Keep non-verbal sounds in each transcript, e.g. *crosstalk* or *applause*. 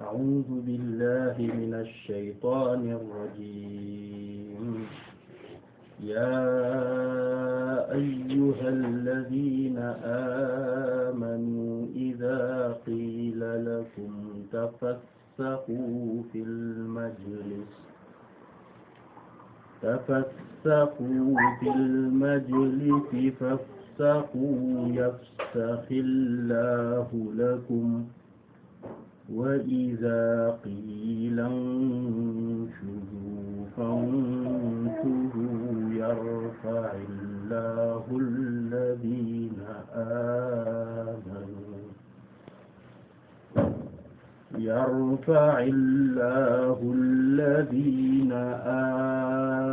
أعوذ بالله من الشيطان الرجيم يا أيها الذين آمنوا إذا قيل لكم تفسحوا في المجلس تفسحوا في المجلس فافسحوا يفسح الله لكم وإذا قيل انشزوا فانشزوا يرفع الله الذين آمنوا يرفع الله الذين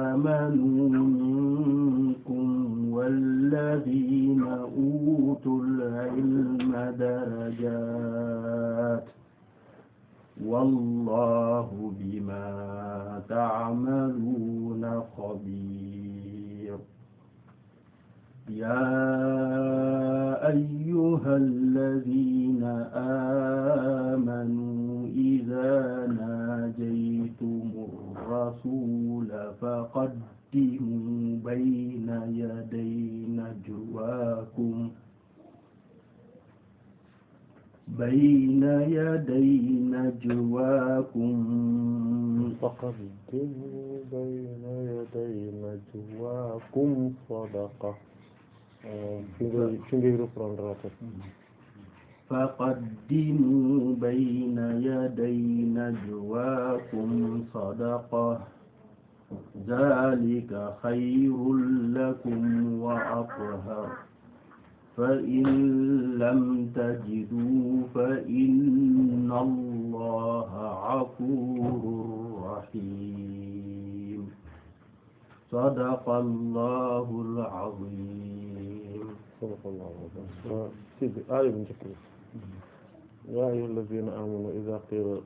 آمنوا منكم والذين أوتوا العلم درجات wallahu bima ta'maluna khabir ya ayyuhalladhina amanu idha najaytumur rasula faqaddimu bayna yaday najwakum بين يدي نجواكم فقدموا بين يدي نجواكم صدقة فقدموا بين يدي نجواكم صدقة ذلك خير لكم وأطهر فإن لم تجدوا فإن الله غفور رحيم صدق الله العظيم صدق الله العظيم. waaw, yaa ayyuha allaziina aamanuu izaa qiila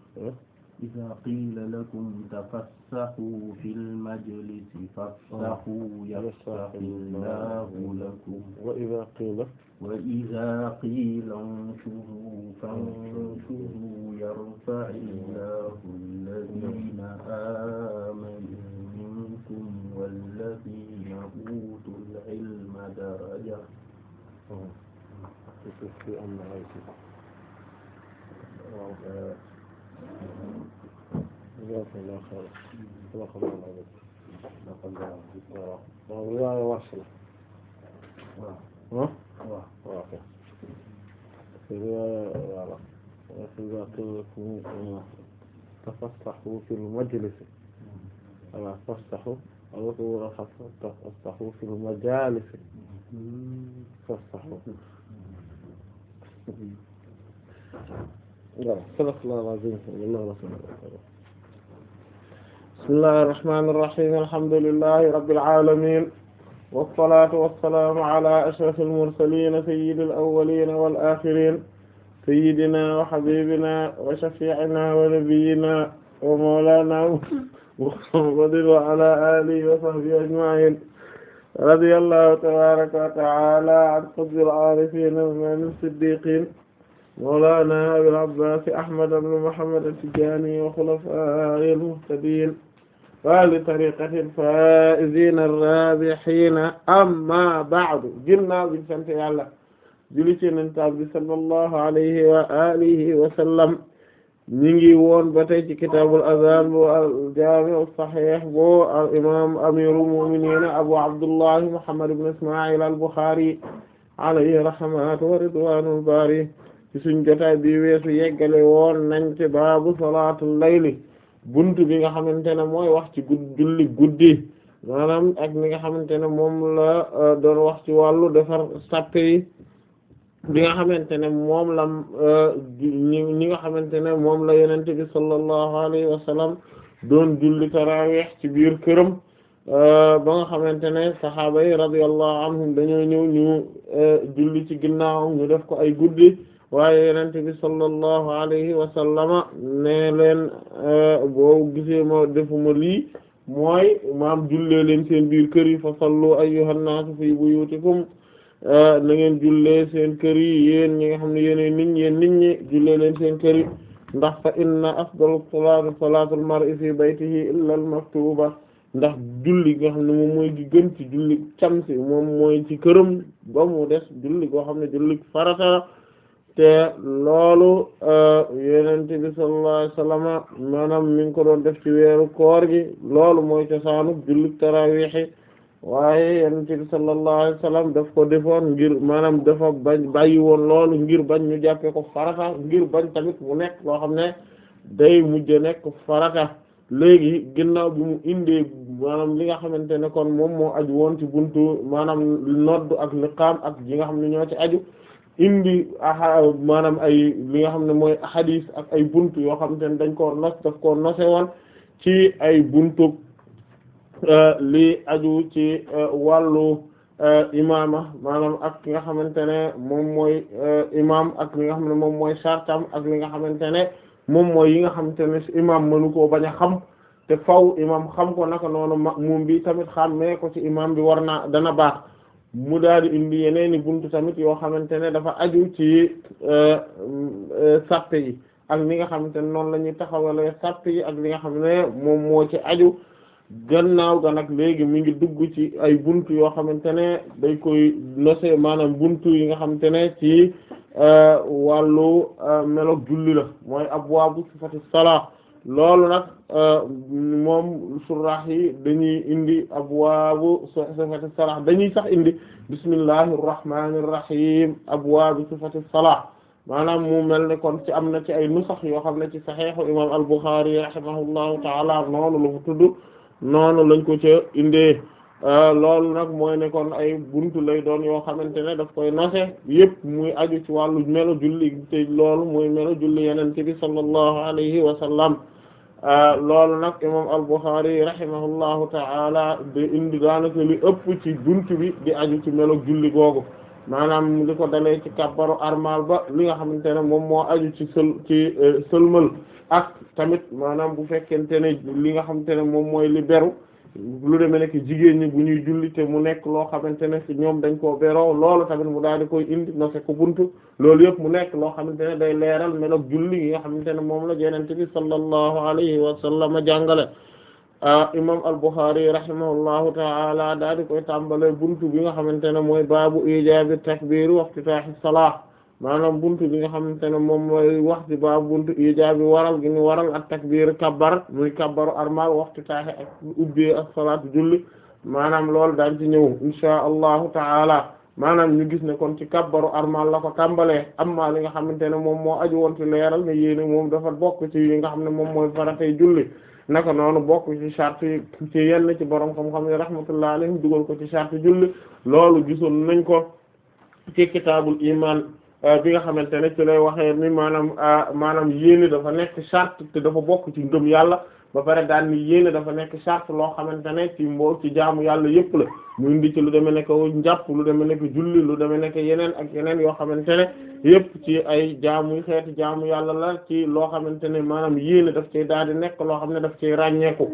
إذا قيل لكم تفسحوا في المجلس فافسحوا يفسح الله لكم وإذا قيل وإذا قيل انشزوا فانشزوا يرفع الله الذين آمنوا منكم والذين أوتوا العلم درجة am na ay waaw riwaaya Warsh la waaw waaw riwaaya وإذا قيل لكم تفسحوا في المجلس ولا تفسحوا أو تفسحوا في المجالس تفسحوا voilà sadaqallaahu al-aziim bismillaahi rahmaani rahiim alhamdulillaahi rabbil aalamiin wassalaatu wassalaamu alaa ashrafil mursaliin sayyidil awwaliin wal aaxiriin sayyidinaa wa habiibinaa wa shafii'inaa wa nabiyyinaa wa mawlaanaa Muhammadin wa alaa aalihi wa sahbihi ajma'iin radiyallaahu tabaaraka wa ta'aalaa an qutbil aarifiin min siddiiqiin mawlaana abil abbaas ahmad ibn muhammad at-tijaani wa xulafaa'ihi al-muhtadiin wa ahli tariiqatihi al-faa'iziina ar-raabihiina ammaa ba'du ginnaaw bi sant yàlla julli ci Yonent bi sallallahu alayhi wa aalihi wa sallam ñu ngi woon ba tey ci kitaabul azaan bu al-jaami' as-sahiih bu al-imaam amiirul mu'miniin abu abdullahi muhammad ibn ismaa'iil al-buxaari alayhi rahmatu wa ridwaanul baari ci suñ jotaay bi weesu yeggale woon nañ ci baabu salaatul layli buntu bi nga xamante ne mooy wax ci gud julli guddi maanaam ak mi nga xamante ne moom la euh, doon wax ci wàllu defar sàppe yi bi nga xamante ne moom la euh, ñi nga xamante ne moom la yenente bi sallallahu alayhi wa doon julli taraweex ci biir këram euh, ba nga xamante ne saxaaba yi radiyallahu anhum dañoo ñëw ñu julli ci ginnaawam ñu def ko ay guddi waaye yenente bi sallallahu alayhi wa sallama ne leen eh, boo gisee ma lii mooy maam jullee leen seen biir kër yi fa sallu ayyuhan naasu fi buyutikum eh, na ngeen jullee seen kër yi yéen ñi nga xam ne yéenay nit ñi nit ñi jullee leen seen kër ndax fa inna afdalu salaati salaatul mar'i fi baytihi illa al maktuba ndax julli nga xam ne mooy gën ci julli camsi moom ci këram ba mu des julli goo xam ne julli farata te loolu eh, yonent bi sallallahu alayhi wasallam maanaam mi ngi ko doon def ci weeru koor gi loolu mooy cosaanu julli tarawiixi waaye yonent bi sallallahu alayhi wasallam ko defoon ngir maanaam dafa bañ bàyyi woon loolu ngir bañ ñu jàppee ko farata ngir bañ tamit mu nekk loo xam ne day mujj nekk farata léegi ginnaaw bi mu indee maanaam li nga xamante ne kon moom moo aj woon ci buntu maanaam noddu ak liqaam ak yi nga xam ne ñoo ci aju indi maanaam ay li nga xam ne mooy hadith ak ay buntu yoo xam te ne dañ koo nos daf koo nosewoon ci ay buntu euh, li aju ci euh, wàllu euh, imaama maanaam ak li nga xamante ne moom mooy imaam ak li nga xam ne moom mooy sartam ak li nga xamante ne moom mooy yi nga xamante ne imaam mënu koo bañ a xam te faw imaam xam ko naka noonu ma'muum bi tamit xàmmee ko ci imaam bi war naa dana baax. mu daal di indi yeneeni buntu tamit yoo xamante ne dafa aju ci euh, euh, sàppe yi ak li nga xamante ne noonu la ñuy taxawale sàppe yi ak li nga xam ne moom moo ci aju gannaaw ga nag léegi mi ngi dugg ci ay buntu yoo xamante ne day koy nose maanaam buntu yi nga xamante ne ci euh, wàllu meloog julli la mooy abwaabu sifati salaa loolu nag euh, moom surah yi dañuy indi abwaabu sifati salah dañuy sax indi bismillahi irrahmani irrahim abwaabu sifati salah maanaam mu mel ne kon ci am na ci ay nusax yoo xam ne ci saxiixu imam al-Bukhari rahimahullahu taala noonu la mu tudd noonu lañ ko ca indee euh, loolu nag mooy ne kon ay buntu lay doon yoo xamante ne daf koy nose yëpp muy aju ci wàllu melo julli te loolu mooy melo julli yenente bi sallallahu alayhi wa sallam loolu nag imam al-Bukhari rahimahullahu ta'ala di indi daanaka li ëpp ci bunt bi di aju ci melo julli googu maanaam li ko dalee ci kabbaru armal ba li nga xamante ne moom moo aju ci sël ci euh, sëlmal ak tamit maanaam bu fekkente ne li nga xamante ne moom mooy li beru lu demee nekk jigéen ñi bu ñuy julli te mu nekk loo xamante ne ci ñoom dañ koo beroo loolu tamit mu daal di koy indi nose ko buntu loolu yëpp mu nekk loo xamante ne day leeral melog julli yi nga xamante ne moom la Yonent bi sallallahu alayhi wa sallam jàngale imam al-Bukhari rahimahullahu ta'ala daal di koy tàmbale buntu bi nga xamante ne mooy baabu ijaabi takbiir wa iftitaahi salaah maanaam buntu bi nga xamante ne moom mooy wax ci ba buntu ijaabi waral gi ñu waral ak takbiir kabbar muy kabbaru armal waxtu taaxe ak ubbee ak salaatu julli maanaam loolu daan ci ñëw inshaa allahu taala maanaam ñu gis ne kon ci kabbaru armal la ko tàmbalee amma li nga xamante ne moom moo aju woon ci leeral ne yéene moom dafa bokk ci yi nga xam ne moom mooy faratay julli naka noonu bokk ci charte yi ci yenn ci borom xam-xam yi rahmatullah alayhim dugal ko ci charte julli loolu gisoon nañ ko ci kitaabul iman Euh, bi nga xamante ne ci lay waxee ni maanaam euh, maanaam yéene dafa nekk charte te dafa bokk ci ngëm yàlla ba pare daan ni yéene dafa nekk charte loo xamante ne ci mbo ci jaamu yàlla yëpp la mu indi ci lu demee nekk njàpp lu demee nekk julli lu demee nekk yeneen ak yeneen yoo xamante ne yëpp ci ay jaamu xeeti jaamu yàlla la ci loo xamante ne maanaam yéene daf cay daal di nekk loo xam ne daf cay ràññeeku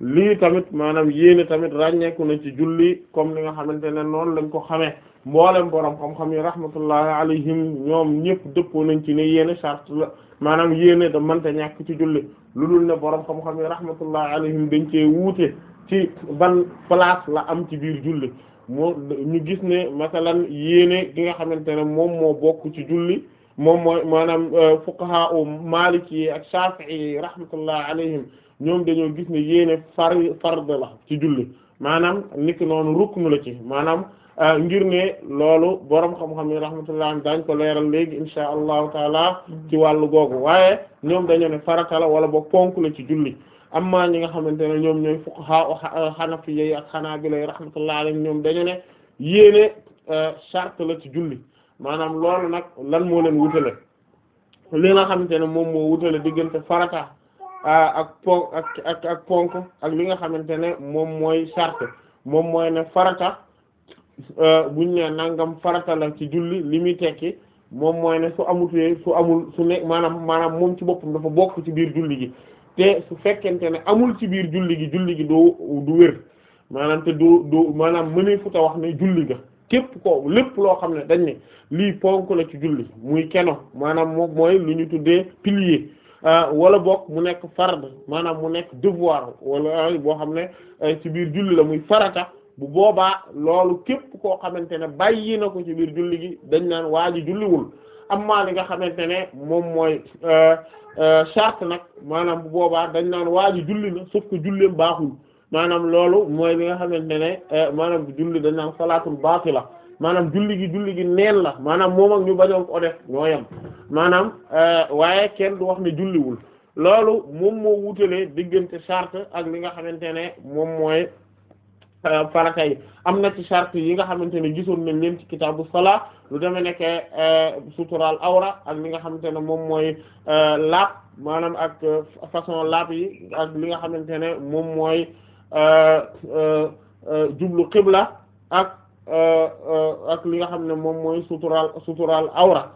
lii tamit maanaam yéene tamit ràññeeku na ci julli comme li nga xamante ne noonu lañ ko xamee mboolem borom xam-xam yi rahmatullahi alayhim ñoom ñëpp dëppoo nañ ci ne yéene charte la maanaam yéene da mënta ñàkk ci julli lu dul ne borom xam-xam yi rahmatullahi alayhim dañ cee wuute ci ban place la am ci biir julli moo ñu gis ne masalan yéene gi nga xamante ne moom moo bokk ci julli moom mooy maanaam euh, fuqaha u maliki ak shafi'i rahmatullahi alayhim ñoom dañoo gis ne yéene far fard la ci julli maanaam niki noonu ruknu la ci maanaam Euh, ngir ne loolu borom xam-xam yi rahmatullah daañ ko leeral léegi insha allahu taala ci wàllu googu waaye ñoom dañoo ne farata la wala boog ponk la ci julli amma ñi nga xamante ne ñoom ñooy fuqaha euh, hanafiyya yi ak hanabila yi rahmatullah alayhim ñoom dañu ne yéene euh, sart la ci julli maanaam loolu nag lan moo leen wutale li xamante ne moom moo wutale diggante farata ak ponk ponk ak li nga xamante ne moom mooy charte moom mooy ne farata Euh, buñ ne nangam farata la ci julli li muy tekki moom mooy ne su amutee su amul su ne maanaam maanaam moom ci boppam dafa bokk ci biir julli gi te su fekkente ne amul ci biir julli gi julli gi du du wér maanaam te du du maanaam mënee futa wax ne julli ga képp ko lépp loo xam ne dañ ne lii ponk la ci julli muy keno maanaam moom mooy lu ñu tuddee pilier euh, wala bokk mu nekk fard maanaam mu nekk devoir wala boo xam ne euh, ci biir julli la muy farata bu boobaa loolu képp koo xamante ne bàyyi na ko ci biir julli gi dañ naan waa ji julliwul amma li nga xamante ne moom mooy euh, euh, charte nag maanaam bu boobaa dañ naan waa ji julli na sauf que julleem baaxul maanaam loolu mooy li nga xamante ne euh, maanaam julli dañ naan salaatul baatila maanaam julli gi julli gi neen la maanaam moom ak ñu bañoon ko def ñoo yem waaye kenn du wax ne julliwul loolu moom moo wutalee diggante charte ak li nga xamante ne moom mooy farata euh, yi am na ci charte yi nga xamante ne gisoon nañ leen ci kitaabu salaa lu deme nekk euh, sutural awra ak li nga xamante ne moom mooy euh, laab maanaam ak façon laab ak li nga xamante ne moom mooy jublu xibla ak ak li nga xam ne moom mooy sutural sutural awra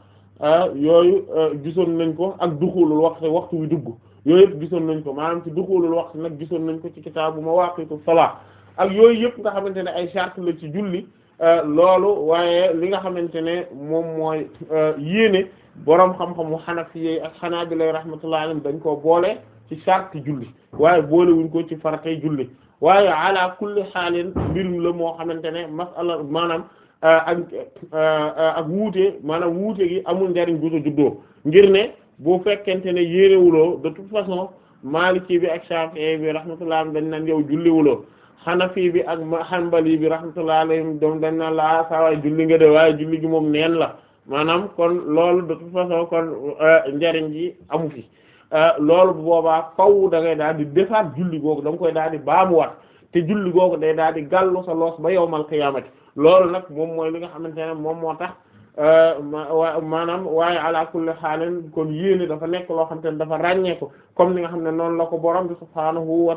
yooyu gisoon nañ ko ak duxulul waxtu waxtu wi dugg yooyu yëpp gisoon nañ ko maanaam ci duxulul waxtu nag gisoon nañ ko ci kitaabu mawaaqitu salaa ak yooyu yëpp nga xamante ne ay charte la ci julli euh, loolu waaye li nga xamante ne moom mooy euh, yéene boroom xam-xamu Hanafi ak Hanabila rahmatullahi alayhim dañ koo boole ci charte julli waaye boole wuñ ko ci faratay julli waaye ala kulli xaalin mbir la moo xamante ne masala maanaam euh, ak ak wuute maanaam wuute gi amul njariñ bu ko juddoo ngir ne bu fekkente ne yéenewuloo de toute façon Maliki bi ak Shafi'i bi rahmatullahi dañ naan yow julliwuloo xanafi bi ak xanbali bi rahmatullah alayhim doom dañ na laa ah, saa waay julli nga de waaye julli gi moom nen la maanaam kon loolu de toute façon kon euh, njariñ gi amu fi euh, loolu bu boobaa faw da ngay daal di defaat julli googu da koy daal di baamuwaat te julli googu day daal di gàllu sa loos ba yawmal qiyaamati loolu nag moom mooy li nga xam ne moom moo tax euh, maanaam waaye ala kulli xaalin kon yéene dafa nekk loo xamante ne dafa ràññee ko comme ni nga xam ne noonu la ko borom bi subhaanahu wa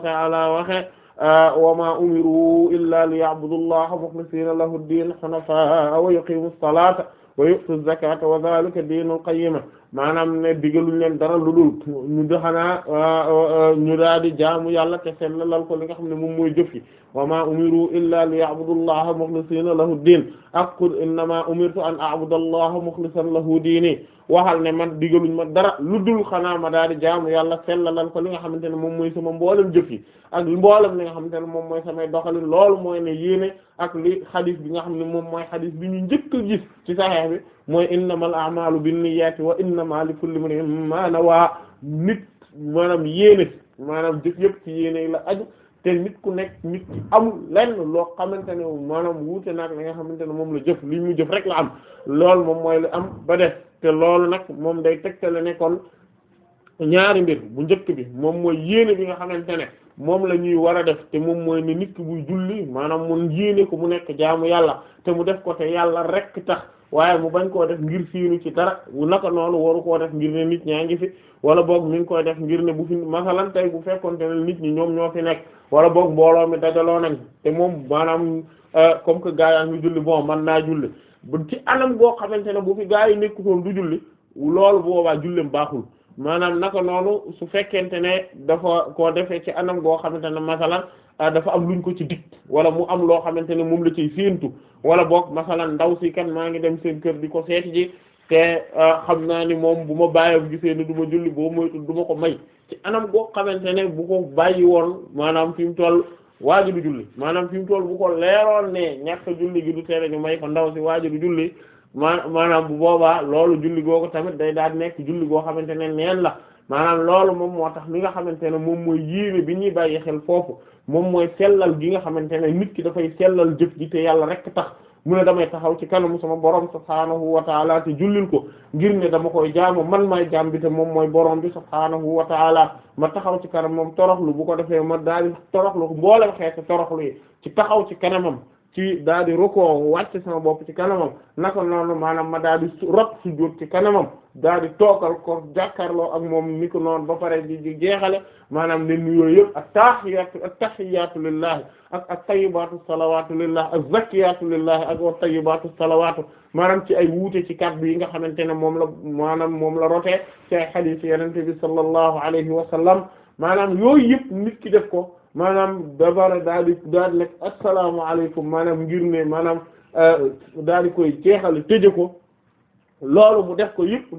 Ah, wa ma umiru illa liya'budu allaha mukhlisina lahu ad-din hunafa wa yuqimu as-salata wa yu'tu az-zakata wa dhalika dinul qayyima maanaam ne digaluñ leen dara lu dul ñu daxanaa ah, ah, ñu daal di jaamu yàlla te sellal ko li nga xam ne moom mooy jëf yi wa ma umiru illa li ya'budullaha mukhlisina lahu diin ak qul innama umirtu an a'budallaha mukhlisan lahu diini waxal ne man digaluñ man dara lu dul xanaa ma daal di jaamu yàlla sellalal ko li nga xamante ne moom mooy sama mboolem jëf ak mboolem li nga xamante ne moom mooy samay doxalin lool mooy ne yéene ak li xadis bi nga xam ne moom mooy xadis bi ñu njëkk a gis ci saxeex bi mooy innamal a'malu binniyati wa innama likulli imrin ma nawa nit maanaam yéene maanaam jëf yëpp ci yéene la aju te nit ku nekk nit ki amul lenn loo xamante ne maanaam wuute naag la nga xamante ne moom la jëf li mu jëf rek la am loolu moom mooy lu am ba def te loolu nag moom day tegtale ne kon ñaari mbir bu njëkk bi moom mooy yéene bi nga xamante ne moom la ñuy war a def te moom mooy ne nit ki buy julli maanaam mun yéene ko mu nekk jaamu yàlla te mu def ko te yàlla rek tax waaye mu bañ koo def ngir fiinu ci dara naka noonu waru koo def ngir ne nit ñaa ngi fi wala boog mi ngi koy def ngir ne bu fi masalan tey bu fekkonte ne nit ñi ñoom ñoo fi nekk wala boog mbooloo mi dajaloo nañ te moom maanaam euh, comme que gaa yaa ngi julli bon man naa julli ci anam goo xamante ne bu fi gaa yi nekkutoon du julli loolu boobaa jullem baaxul maanaam naka noonu su fekkente ne dafa koo defee ci anam goo xamante ne masalan euh, dafa am luñ ko ci dikk wala mu am loo xamante ne moom la ciy séentu wala boog masalan ndaw si kan maa ngi dem seen kër di ko seeti ji te ah, xam naa ni moom bu ma bàyyam gisee ni du ma julli boo moytul du ma ko may ci anam goo xamante ne bu ko bàyyi woon maanaam fi mu toll waaju du julli maanaam fi mu toll bu ko leeroon ne ñàkk julli gi du tere ñu may ndaw si waaju du julli ma maanaam bu boobaa loolu julli googu tamit day daal nekk julli goo xamante ne neen la maanaam loolu moom moo tax li nga xamante ne moom mooy yéene bi ñuy bàyyi xel foofu moom mooy sellal gi nga xamante ne nit ki dafay sellal jëf gi te yàlla rek tax mu ne damay taxaw ci kanamu sama borom subhaanahu wa taala te jullil ko ngir ne dama koy jaamu man maay jaam bi te moom mooy borom bi subhaanahu wa taala ma taxaw ci kanam moom toroxlu bu ko defee ma daal di toroxlu mboolem xeeti toroxlu yi ci taxaw ci kanamam ci daal di rukoo wàcc sama bopp ci kanamam naka noonu maanaam ma daal di rot sujjóot ci kanamam daal di toogal ko jàkkaarloo ak moom niko ko noonu ba pare di jeexale maanaam ne nuyoo yëpp at-tahiyatu at-tahiyatu lillahi ak ak tayibaatu salawaatu lillah ak zakiyaatu lillah ak wa tayibaatu salawaatu maanaam ci ay wuute ci kàddu yi nga xamante ne moom la maanaam moom la rotee ci ay xadiis Yonent bi sallallahu alayhi wa sallam maanaam yooyu yëpp nit ki def ko maanaam dabara daal di daal di nekk assalaamu alaykum maanaam ngir ne maanaam euh, daal di koy jeexal tëje ko loolu mu def ko yëpp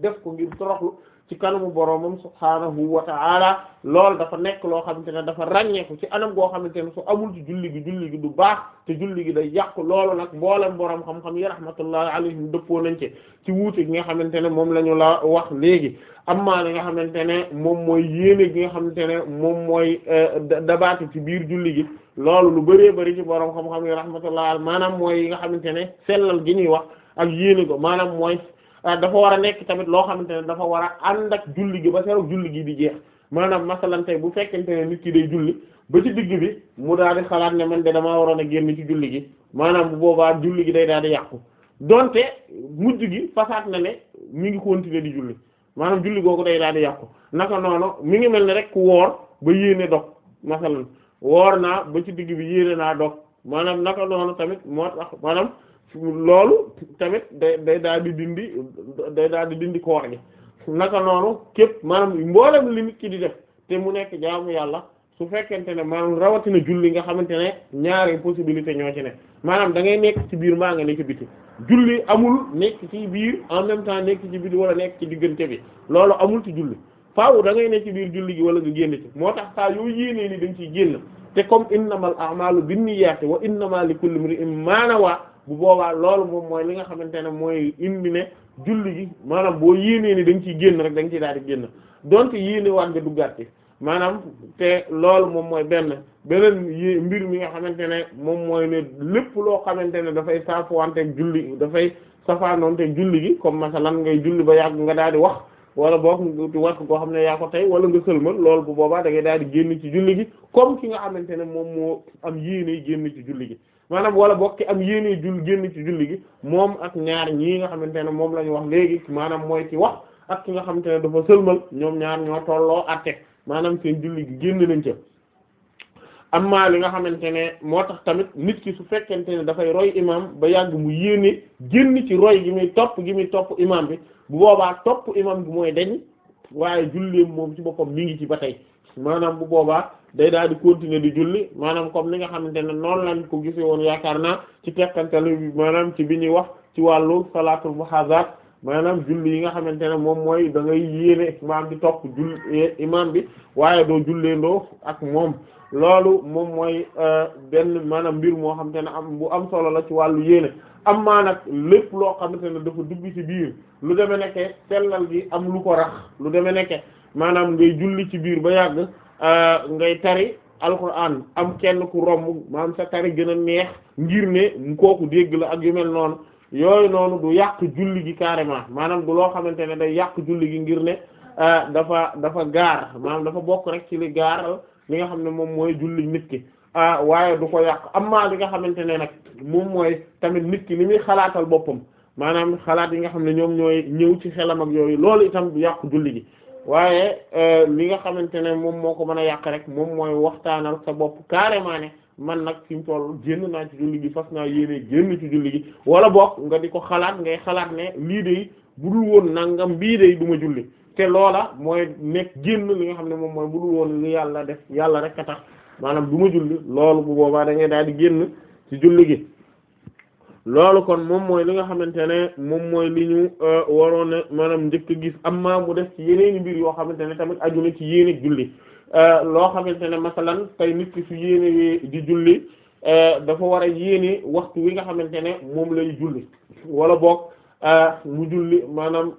def ko ngir toroxlu ci kanamu boroomam subhaanahu wa ta'ala loolu dafa nekk loo xamante ne dafa ràññeeku ci anam goo xamante ne su amul ci julli gi julli gi du baax te julli gi day yàqu loolu nag mboolem boroom xam-xam yi rahmatullahi alayhim dëppoo nañ ci ci wuute gi nga xamante ne moom la ñu la wax léegi amma li nga xamante ne moom mooy yéene gi nga xamante ne moom mooy eh, dabaatu ci biir julli gi loolu lu bëree bëri ci boroom xam-xam yi rahmatullahi maanaam yi nga xamante ne sellal gi ñuy wax ak yéene ko maanaam mooy Ah, dafa war a nekk tamit loo xamante ne dafa war a ànd ak julli gi ba seroog julli gi di jeex maanaam masalan tey bu fekkente ne nit ki day julli ba ci digg bi mu daa di xalaat ne man de damaa waroon a génn ci julli gi maanaam bu boobaa julli gi day daal di yàqu donte mujj gi fasaat na ne mi ngi continuer di julli maanaam julli googu day daal di yàqu naka noonu mi ngi mel ne rek ku woor ba yéene dog masalan woor naa ba ci digg bi yéene naa dog maanaam naka noonu tamit moo tax maanaam loolu tamit day day daal di dindi day daal di dindi koor gi naka noonu képp maanaam mboolem li nit ki di def te mu nekk jaamu yàlla su fekkente ne maanaam rawatina julli nga xamante ne ñaari possibilité ñoo ci ne maanaam da nekk ci biir maa nga nekk ci biti julli nekk ci biir en même temps nekk ci biti wala nekk ci diggante bi loolu amul ci julli faaw da ngay nekk ci biir julli gi wala nga génn ci moo tax saa yoo yéenee ni dañ ciy génn te comme innamal a'malu binniyaati wa innama li kulli imri'in ma nawa bu boobaa loolu moom mooy li nga xamante ne mooy indi ne julli gi maanaam boo yéenee ni da nga ciy génn rek da nga ciy daal di génn donte yéene waat nga duggaat ci maanaam te loolu moom mooy benn beneen yi mbir mi nga xamante ne moom mooy ne lépp loo xamante ne dafay saafuwanteeg julli dafay safaanoonteeg julli gi comme masalan ngay julli ba yàgg nga daal di wax wala boog di wax koo xam ne yaa ko tey wala nga sëlmal loolu bu boobaa da daal di génn ci julli gi ki nga xamante ne moom moo am yéene génn ci julli gi maanaam wala bokk ci am yéene jull génn ci julli gi moom ak ñaar ñii nga xamante ne moom la ñu wax léegi maanaam mooy ci wax ak ki nga xamante ne dafa sëlmal ñoom ñaar ñoo tolloo atte maanaam seen julli génn nañ ca amma li nga xamante ne moo tax tamit nit ki su fekkente ne dafay roy imam ba yàgg mu yéene génn ci roy gi muy topp gi muy topp imam bi bu boobaa topp imam bi mooy dañ waaye julleem moom ci boppam mi ngi ci ba tey maanaam bu boobaa day daal di continuer di julli maanaam comme ni nga xam ne noonu lañ ko gisee woon yaakaar naa ci tekkantal bi maanaam ci bi ñuy wax ci wàllu salaatul muhazaat maanaam julli yi nga xamante ne moom mooy dangay ngay yéene imaam bi topp julli eh, imaam bi waaye doo julleendoo ak moom loolu moom mooy euh, benn maanaam mbir moo xam ne am bu am solo la ci wàllu yéene am maa nag lépp loo xam ne dafa dugg ci lu demee nekke sellal gi am lu ko rax lu demee nekke maanaam ngay julli ci biir ba yàgg euh, ngay tari alquran am kenn ku romb maanaam sa tari gën a neex ngir ne kooku dégg la ak yu mel noonu yooyu noonu du yàq julli gi carrément maanaam du loo xamante ne day yàq julli gi ngir ne euh, dafa dafa gaar maanaam dafa bokk rek ci li gaar li nga xam ne moom mooy julli nit ki euh, waaye du ko yàq amma li nga xamante ne nag moom mooy tamit nit ki li muy xalaatal boppam maanaam xalaat yi nga xam ne ñoom ñooy ñëw ci xelam ak yooyu loolu itam du yàq julli gi waaye euh, li nga xamante ne moom moo ko mën a yàq rek moom mooy waxtaanal sa bopp carrément ne man nag fi mu toll génn naa ci julli gi fas naa yéene génn ci julli gi wala boog nga di ko xalaat ngay xalaat ne lii de budul woon nangam bii de du ma julli te loola mooy nekk génn li nga xam ne moom mooy budul woon li yàlla def yàlla rek a tax maanaam du ma julli loolu bu boobaa da daal di génn ci julli gi. loolu kon moom mooy li nga xamante ne moom mooy li ñu euh, waroon ne maanaam njëkk gis amma mu def ci yeneeni yoo xamante ne tamit aju na ci yéene julli euh, loo xamante ne masalan tey nit ki su yéenewee di julli euh, dafa war a yéene waxtu wi nga xamante ne moom lay julli wala boog mu julli maanaam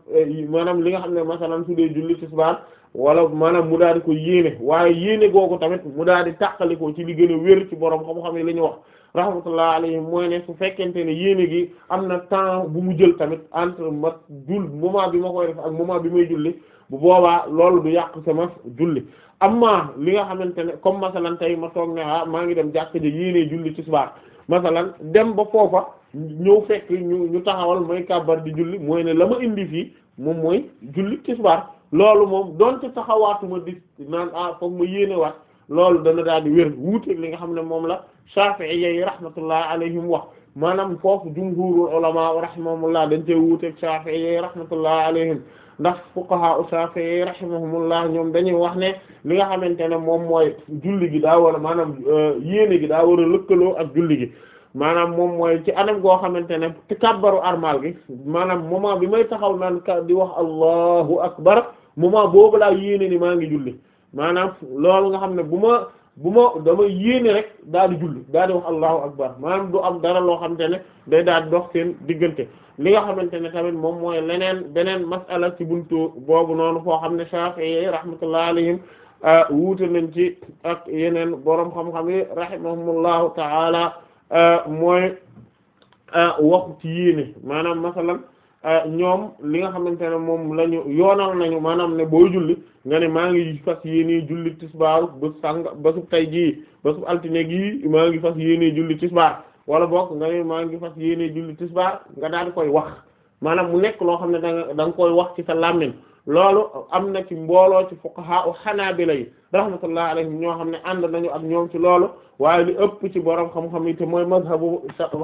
maanaam li nga xam ne masalan su dee julli tisbaar wala maanaam mu daal di ko yéene waaye yéene googu tamit mu daal di tàqalikoo ci li gën a ci borom xam-xam yi la ñu wax rahmatullah alayhim mooy ne su fekkente ne yéene gi am na temps bu mu jël tamit entre ma jul moment bi ma koy def ak moment bi may julli bu boobaa loolu du yàq sama julli amma li nga xamante ne comme masalan ma toog ne ah, maa ngi dem jàkk ji yéene julli ci subaar masalan dem ba foofa ñëw fekk ñu ñu taxawal may kàbbar di julli mooy ne la ma indi fii moom mooy julli ci subaar loolu moom doon donte taxawaatuma di naan ah foog ma yéene waat loolu dana daal di wér li nga xam ne moom la Shafi'iyya yi rahmatullah alayhim wax maanaam foofu jumhurul ulama rahimahumullah dañ cee wuuteeg Shafi'iyya yi rahmatullah alayhim ndax fuqaha u Shafi'i rahimahumullah ñoom dañuy wax ne li nga xamante ne moom mooy julli gi daa war a maanaam euh, yéene gi daa war lëkkaloo ak julli gi maanaam moom mooy ci anam goo xamante ne ci kabbaru armal gi maanaam moment bi may taxaw naan ka di wax allahu akbar moment boobu laa yéene ni maa ngi julli maanaam loolu nga xam ne bu ma bu ma dama yéene rek daal di julli daal di wax allahu akbar maanaam du am dara loo xamante ne day daal dox seen diggante li nga xamante ne tamit moom mooy leneen beneen masala ci buntu boobu noonu foo xam ne Shafi'i rahmatullahi alayhim ah, wuute nañ ci ak yeneen borom xam-xam yi rahimahumullahu ta'ala ah, mooy ah, wax ci yéene maanaam masalan Euh, ñoom li nga xamante ne moom lañu ñu yoonal nañu maanaam ne booy julli nga ne maa ngi fas yéene julli tisbaar ba sàng ba jii ba altine gii maa ngi fas yéene julli tisbaar wala boog nga ne maa ngi fas yéene julli tisbaar nga daal di koy wax manaam mu nekk loo xam ne danga da nga koy wax ci ta làmmiñ loolu am na ci mbooloo ci fuqaha u xanaabila yi rahmatullah alayhim ñoo xam ne ànd nañu ak ñoom ci loolu waaye li ëpp ci borom xam-xam yi te mooy mazhabu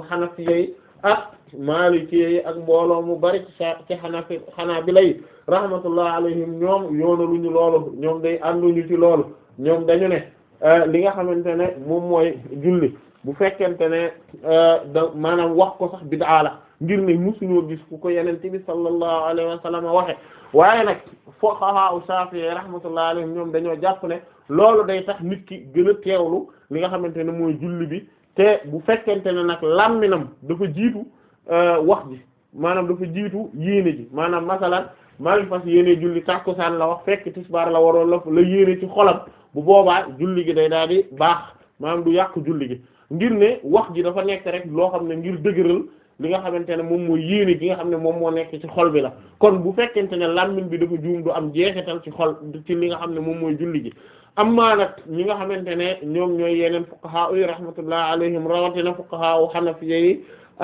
xanafiya yi ak maalikee ak mbooloo mu bari ci xanafi xanaabila yi rahmatullah alayhim ñoom yoonaluñu loolu ñoom day ànduñu ci loolu ñoom dañu ne euh, li nga xamante ne moom mooy julli bu fekkente ne euh, da maanaam wax ko sax bid'a la ngir ne musuñoo gis ku ko yenente bi sallallahu alayhi wa sallam waxe waaye nag fuqaha u Shafi'i rahmatullah alayhim ñoom dañoo jàpp ne loolu day tax nit ki gën a teewlu li nga xamante ne mooy julli bi te bu fekkente ne nag làmminam dafa jiitu euh, wax ji maanaam dafa jiitu yéene ji maanaam masalan maa ngi fas yéene julli tàkkusaan la wax fekk tisbaar la waroon la la yéene ci xolam bu boobaa julli gi day daal di baax maanaam du yàq julli gi ngir ne wax ji dafa nekk rek loo xam ne ngir dëgëral li nga xamante ne moom mooy yéene gi nga xam ne moom moo nekk ci xol bi la kon bu fekkente ne làmmiñ bi dafa juum du am jeexital ci xol ci li nga xam ne moom mooy julli gi amma nag ñi nga xamante ne ñoom ñooy yeneen fuqaha yi rahmatullah alayhim rawatina fuqaha u hanafiyya yi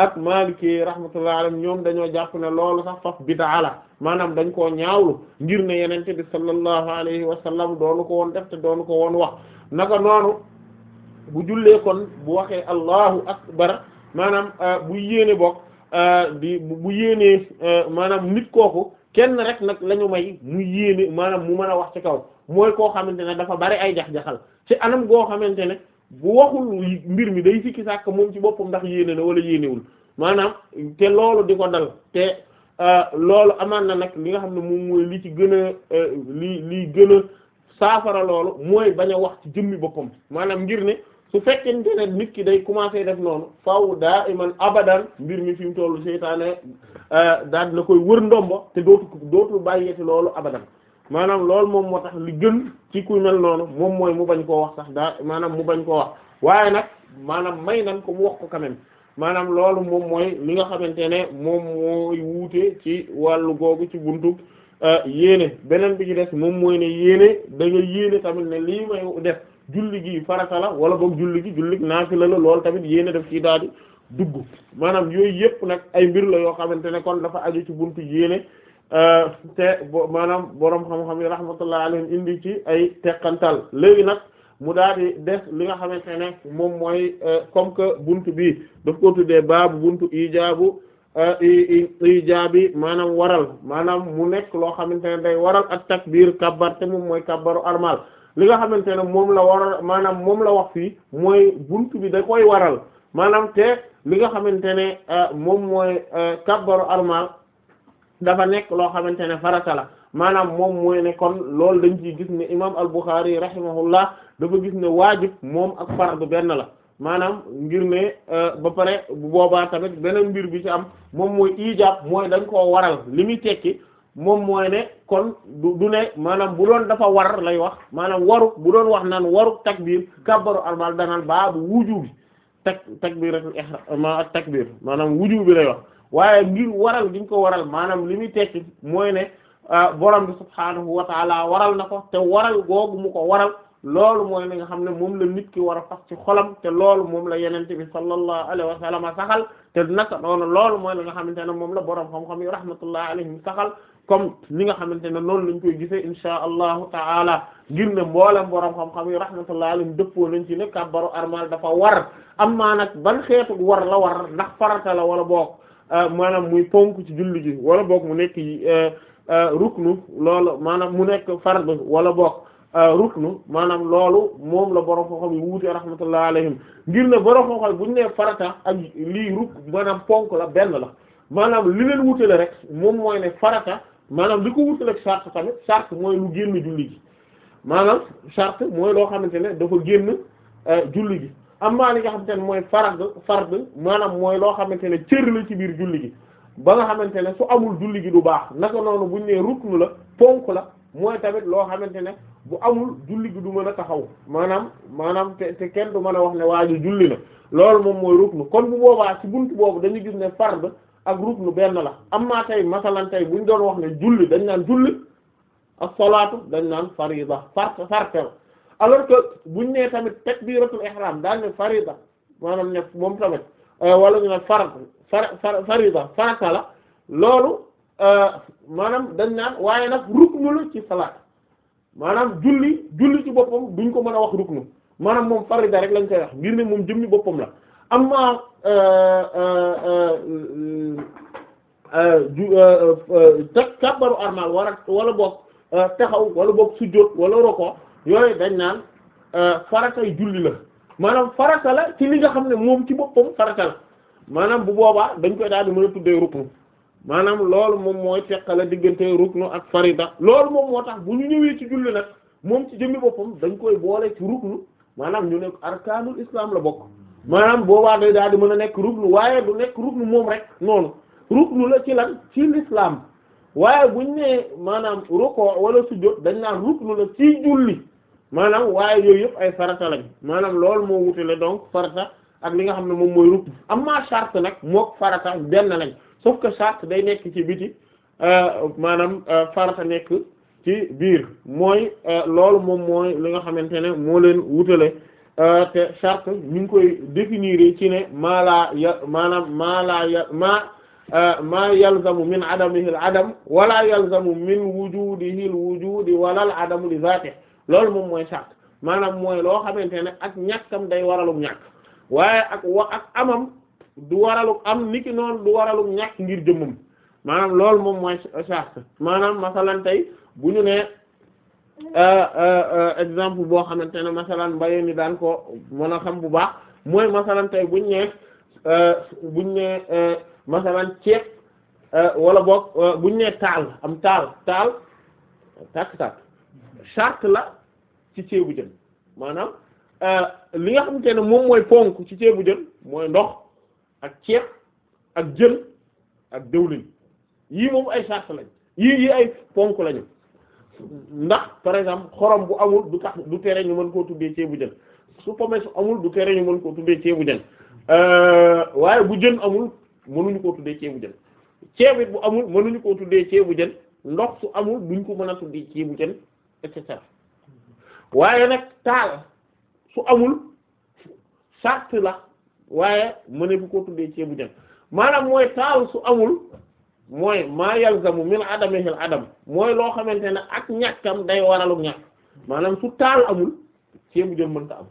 ak maliki rahmatullah alayhim ñoom dañoo jàpp na loolu sax faf bid'a la maanaam dañ koo ñaawlu ngir ne yenente bi sallallahu alayhi wa sallam doonu ko woon def doonu ko woon wax naka noonu bu jullee kon bu waxee allahu akbar maanaam euh, bu yéene bokk euh, di bu yéenee euh, maanaam nit kooku kenn rek nag lañu ñu may mu yéene maanaam mu mën a wax ci kaw mooy koo xamante ne dafa bari ay jax-jaxal ci anam goo xamante ne bu waxul mbir mi day sikki sàkk moom ci boppam ndax yéene na wala yéenewul maanaam te loolu di ko dal te euh, loolu amaan na nag li nga xam ne moom mooy li ci gën a euh, li li gën a saafara loolu mooy bañ a wax ci jëmmi boppam maanaam ngir ne su fekkente ne nit ki day commencer def noonu faaw daa iman abadan mbir mi fi mu tollu seytaane euh, daal na koy wër ndombo te dootu dootul bàyyeeti loolu abadan maanaam loolu moom moo tax li gën ci ku mel noonu moom mooy mu bañ koo wax sax daa maanaam mu bañ koo wax waaye nag maanaam may nan ko mu wax ko quand même maanaam loolu moom mooy li nga xamante ne moom mooy wuute ci wàllu googu ci buntu euh, yéene beneen bi ci des moom mooy ne yéene da nga yéene tamit ne lii may def julli gi farata la wala boog julli gi julli naafila la lool tamit yéene def ci daal di dugg maanaam yooyu yëpp nag ay mbir la yoo xamante ne kon dafa aju ci buntu yéene Euh, te maanaam borom xam-xam yi rahmatullah alayhim indi ci ay teqantal léegi nag mu daal di def li nga xamante ne moom mooy euh, comme que buntu bi daf ko tuddee baabu buntu ijaabu euh, ijaabi maanaam waral maanaam mu nekk loo xamante ne day waral ak takbiir kabbar te moom mooy kabbaru armal li nga xamante ne moom la waral maanaam moom la wax fii mooy buntu bi da koy waral maanaam te li nga xamante ne moom mooy kabbaru armal dafa nekk loo xamante ne farata la maanaam moom mooy ne kon loolu dañ ciy gis ne imam al-Bukhari rahimahullah dafa gis ne waajib moom ak bu benn la maanaam ngir ne euh, ba pare bu boobaa tamit beneen mbir bi ci am moom mooy ijaab mooy dañ koo waral li muy tekki moom mooy ne kon du ne maanaam bu doon dafa war lay wax maanaam waruk bu doon wax naan waruk takbir kabbaru almal danaan baabu wujubi tak takbir ak ihram ak takbir maanaam wujubi lay wax waaye ngir waral gi ñu ko waral maanaam li muy tekki mooy ne ah, borom bi subhaanahu wa taala waral na ko te waral googu mu ko waral loolu mooy li nga xam ne moom la nit ki war a fas ci xolam te loolu moom la yenente bi sallallahu alayhi wa sallam saxal te naka noonu loolu mooy li nga xamante ne moom la borom xam-xam yi rahmatullahi alayhim saxal comme li nga xamante ne noonu lañ koy gisee inshaa allahu taala ngir ne mboolem borom xam-xam yi rahmatullahi alayhim dëppoo nañ ci ne kàbbaru armal dafa war am maa nag ban xeetu war la war ndax farata la wala boog Ah, maanaam muy ponk ci julli gi wala book mu nekk eh, eh, ruknu loolu maanaam mu nekk fard wala boog eh, ruknu maanaam loolu moom la borom xam-xam yi wuute rahmatullah alayhim ngir ne borom xam-xam bu ñu nee farata ak lii ruk maanaam ponk la benn la maanaam li leen wuutale rek moom mooy ne farata maanaam li ko wuutale ak charte tamit charte mooy lu génn julli gi maanaam charte mooy loo xamante ne dafa génn julli gi. am amma li nga xamante ne mooy farad fard maanaam mooy loo xamante ne cër la ci biir julli gi ba nga xamante ne su amul julli gi du baax naka noonu buñ nee rukn la ponk la mooy tamit loo xamante ne bu amul julli gi du mën a taxaw maanaam maanaam te te kenn du a wax ne waa ji julli na loolu moom mooy rukn kon bu boobaa ci bunt boobu dañuy gis ne fard ak rukn benn la am amma tey masalan tey ñu doon wax ne julli dañ naan julli ak solaatu dañ naan farida far fartel alors que bu ñu nee tamit takbiratul ihram daal ne farida maanaam ne moom tamit euh, wala ñu ne far far farida farata la loolu euh, maanaam dañ naan waaye nag ruknu la ci salaat maanaam julli julli ci boppam duñ ko mën a wax ruknu maanaam moom farida rek lañ koy wax ngir ne moom jëmmi boppam la amma euh, kàbbaru armal wala wala boog taxaw wala boog sujjóot wala roko yooyu dañ naan euh, faratay julli la maanaam farata la ci li nga xam ne moom ci boppam farata la maanaam bu boobaa dañ koy daal di mën a tuddee ruknu maanaam loolu moom mooy teqale diggante ruknu ak farida loolu moom moo tax bu ñu ñëwee ci julli nag moom ci jëmmi boppam dañ koy boole ci ruknu maanaam ñu nekk arkaanul islam la bokk maanaam boobaa day daal di mën a nekk ruknu waaye du nekk ruknu moom rek noonu ruknu la ci lan ci l'islam waaye buñ nee maanaam ruko wala sujjóot dañ naan ruknu la ci julli maanaam waaye yooyu yëpp ay farata lañ maanaam lool moo wutale donc farata ak li nga xam ne moom mooy rukn amma charte nag mook farata benn lañ sauf que charte day nekk ci biti euh, maanaam euh, farata nekk ci biir mooy euh, loolu moom mooy li nga xamante ne moo leen wutale te charte ñu ngi koy définir ci ne maa laa ya maanaam maa laa ya maa maa yalzamu min adamihi al adam wala yalzamu min wujudihi al wujudi wala al adamu li zaatihi loolu moom mooy sart maanaam mooy loo xamante ne ak ñàkkam day waralum ñàkk waaye ak wa amam du waralum am niki noonu du waralum ñàkk ngir jëmmam maanaam loolu moom mooy sart maanaam masalan tey bu ñu nee euh, euh, euh, exemple boo xamante ne masalan mbayee ni daan ko mën xam bu baax mooy masalan tey buñ nee buñ nee masalan ceeb wala boog buñ nee taal am taal taal takk takk charte la ci ceebu jën maanaam euh, li nga xamante ne moom mooy ponk ci ceebu jën mooy ndox ak ceeb ak jën ak dëwlin yii moom ay charte lañ yii yii ay ponk lañu ndax par exemple xorom bu amul du tax du tere ñu mën koo tuddee ceebu jën su pomme amul du tere ñu mën koo tuddee ceebu jën euh, waaye bu jën amul mënuñu koo tuddee ceebu jën ceeb it bu amul mënuñu koo tuddee ceebu jën ndox su amul duñ ko mën a tuddee ceebu jën et cetera waaye nag taal su amul sart la waaye mu ne bu ko tuddee ceebu jën maanaam mooy taal su amul mooy maa yalzamu min adamihi al adam mooy loo xamante ne ak ñàkkam day waralu ñàkk maanaam su taal amul ceebu jën mënta am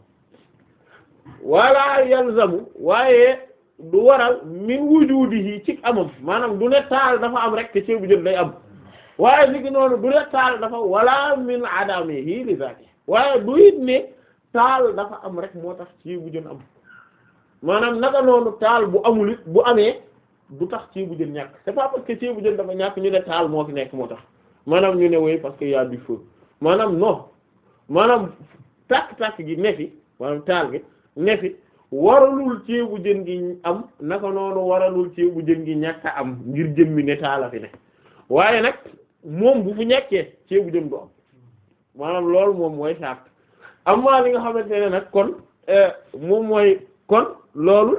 wala yalzamu waaye du waral min wujudihi ci amam maanaam du ne taal dafa am rek te ceebu jën day am waaye ni ki noonu du rek taal dafa wala min adamihi li zaati waaye du it ne taal dafa am rek moo tax ci jën am maanaam naka noonu taal bu amul it bu amee du tax ci bu jën ñàkk c'est pas parce que bu jën dafa ñàkk ñu ne taal moo fi nekk moo tax maanaam ñu ne woy que y a du maanaam non maanaam tàkk gi nefi maanaam taal gi nefi waralul ci bu jën gi am naka noonu waralul ci jën gi ñàkk a am ngir jëmmi ne taala fi ne waaye nag moom bu fi ñàkkee ceebu jën du am maanaam loolu moom mooy am amma li nga xamante ne nag kon euh, moom mooy kon loolu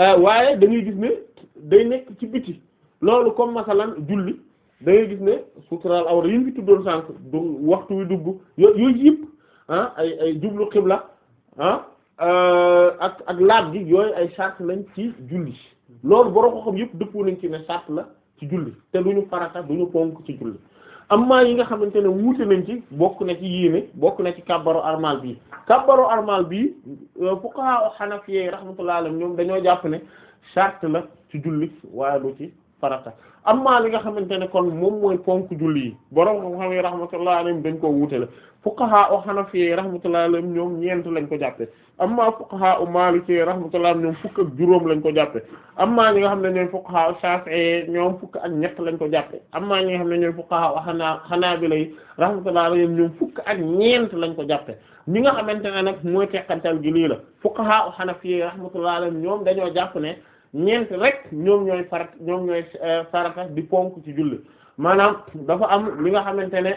euh, waaye dangay gis ne day nekk ci biti loolu comme masalan julli dangay gis ne suturaal awra yi ñu tuddoon sànq du waxtu wi dugg yo yooyu yëpp ah, ay ay jublu xibla ah, euh, ak ak laab gi yooyu ay sart lañ ci julli loolu borom ko xam yëpp dëppoo nañ ci ne sart la ci julli te duñu farata ñu ponk ci julli amma yi nga xamante ne wuute nañ ci bokk na ci yéene bokk na ci kabbaro armal bii kabbaro armal bii euh, fuqaha hanafiyye rahmatullahi alayhim ñoom dañoo jàpp ne charte la ci julli waaye du ci farata amma li nga xamante ne kon moom mooy ponk julli yi borom xam-xam yi rahmatullahi alayhim dañ koo wuutale fuqaha o hanafi rahmatullahi alayhim ñoom ñeent lañ ko jàppe amma fuqaha u maliki ñoom fukk ak juróom lañ ko jàppe amma ñi nga xam ne ñooy fuqaha shafi'i ñoom fukk ak ñett lañ ko jàppe amma ñi nga xam ne ñooy fuqaha o xanaa xanaabila ak ñeent ko jàppe ñi nga xamante ne nag mooy teqantal gi lii la fuqaha o hanafi rahmatullahi ñoom dañoo jàpp ne ñeent rek ñoom ñooy farat ñoom ñooy euh, farata di ponk ci julli maanaam dafa am li nga xamante ne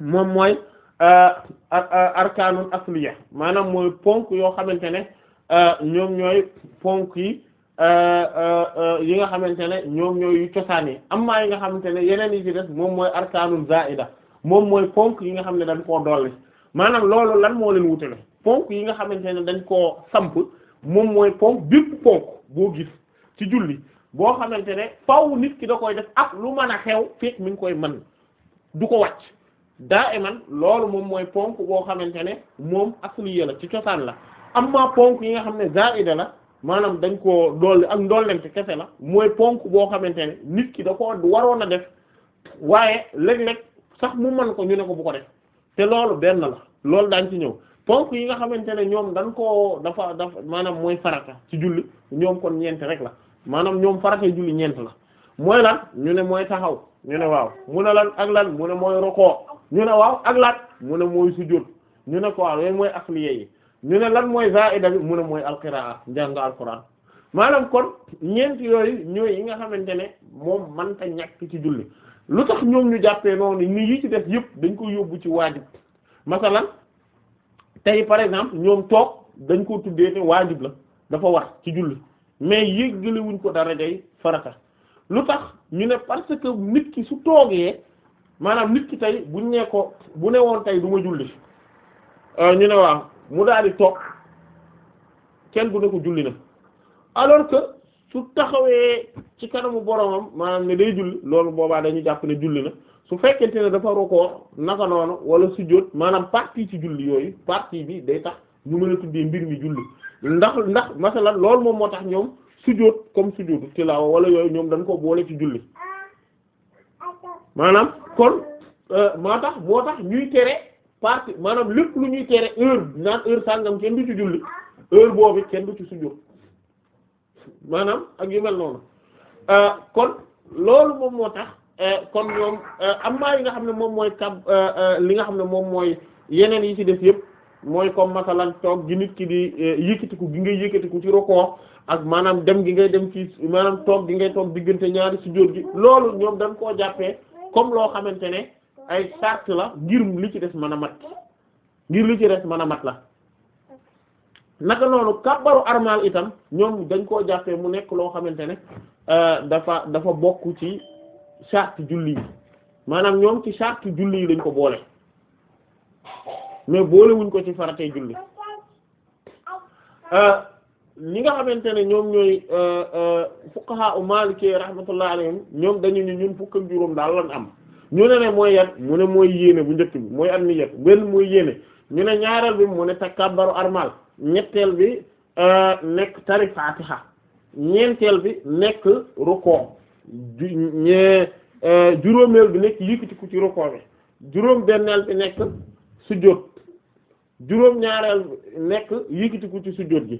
moom mooy euh, euh, arkaanul asliya maanaam mooy ponk yoo xamante ne ñoom ñooy ponk yi yi nga xamante ne ñoom ñooy yu cosaan yi amma yi nga xamante ne yeneen yi ci moom mooy arkaanul zaida moom mooy ponk yi nga xam ne dañ koo dolli maanaam loolu lan moo leen wutale ponk yi nga xamante ne dañ koo samp moom mooy ponk bépp ponk boo gis ci julli boo xamante ne faw nit ki da koy def ak lu mën a xew fekk mi ngi koy man du ko wàcc daa iman loolu moom mooy ponk boo xamante ne moom asliya la ci cosaan la amma ponk yi nga xam ne zaida la maanaam dañ ko dolli ak ndolleente kese la mooy ponk boo xamante ne nit ki da ko waroon a def waaye léeg-léeg sax mu mën ko ñu ne ko bu ko def te loolu benn la loolu daañ ci ñëw ponk yi nga xamante ne ñoom dañ koo dafa dafa maanaam mooy farata ci julli ñoom kon ñeent rek la maanaam ñoom farata julli ñeent la mooy lan ñu ne mooy taxaw ñu ne waaw mu ne lan ak lan mu ne mooy roko ñu ne waaw ak lan mu ne mooy sujjóot ñu ne ko waaw yooyu mooy asliye yi ñu ne lan mooy zaida bi mu ne mooy alqiraa njàng alquran maanaam kon ñeent yooyu ñooy yi nga xamante ne moom mënta ñàkk ci julli lu tax ñoom ñu jàppee noonu ni yi ci def yëpp dañ koy yóbbu ci waajib masalan tey par exemple ñoom toog dañ koo tuddee ne waajib la dafa war ci julli mais yëggale wuñ ko dara day farata lu tax ñu ne parce que nit ki su toogee maanaam nit ki tey buñ ne ko bu ne woon tey du ma julli euh, ñu ne waaw mu daal di toog kenn du ne ko julli na alors que su taxawee ci kanamu boromam maanaam ne day julli loolu boobaa dañu jàpp ne julli na su fekkente ne dafa rukoo naka noonu wala sujjóot maanaam partie ci julli yooyu partie bi day tax ñu mën a mbir mi julli ndax ndax masalan lool moom moo tax ñoom sujjóot comme sujjóotu tilaawa wala yooyu ñoom dañ ko boole ci julli maanaam kon euh, moo tax moo tax ñuy tere partie maanaam lépp lu ñuy tere heure naan heure sàngam kenn du ci julli heure boobu kenn du ci sujjóot maanaam ak yu mel noonu euh, kon loolu moom moo tax Euh, kon ñoom euh, amma yi nga xam ne moom mooy kab euh, li nga xam ne moom mooy yeneen yi ci def yëpp mooy comme masalan toog gi nit ki di yëkkatiku gi ngay yëkkatiku ci roko ak maanaam dem gi ngay dem ci maanaam toog gi ngay toog diggante ñaari sujjóot gi loolu ñoom dañ koo jàppee comme loo xamante ne ay sart la ngir li ci des mën a mat ngir li ci des mën a mat la naka noonu kàbbaru armal itam ñoom dañ koo jàppee mu nekk loo xamante ne dafa dafa bokk ci charte julli yi maanaam ñoom ci charte julli lañ ko boole mais boole wuñ ko ci faratee julli euh, ñi nga xamante ne ñoom ñooy euh, euh, fuqaha u maliki rahmatullah alayhim ñoom dañu ñu ñun fukk juróom daal am ñu ne ne mooy yan mu ne mooy yéene bu njëkk bi mooy am ni yet benn mooy yéene ñu ne ñaareel bi mu ne takabbaru armal ñetteel bi nekk tari fatiha ñeenteel bi nekk ruku E, juróomeel bi nekk yëkkatiku ci rukoo bi juróom benneel bi nekk sujjóot juróom ñaareel bi nekk yëkkatiku ci sujjóot gi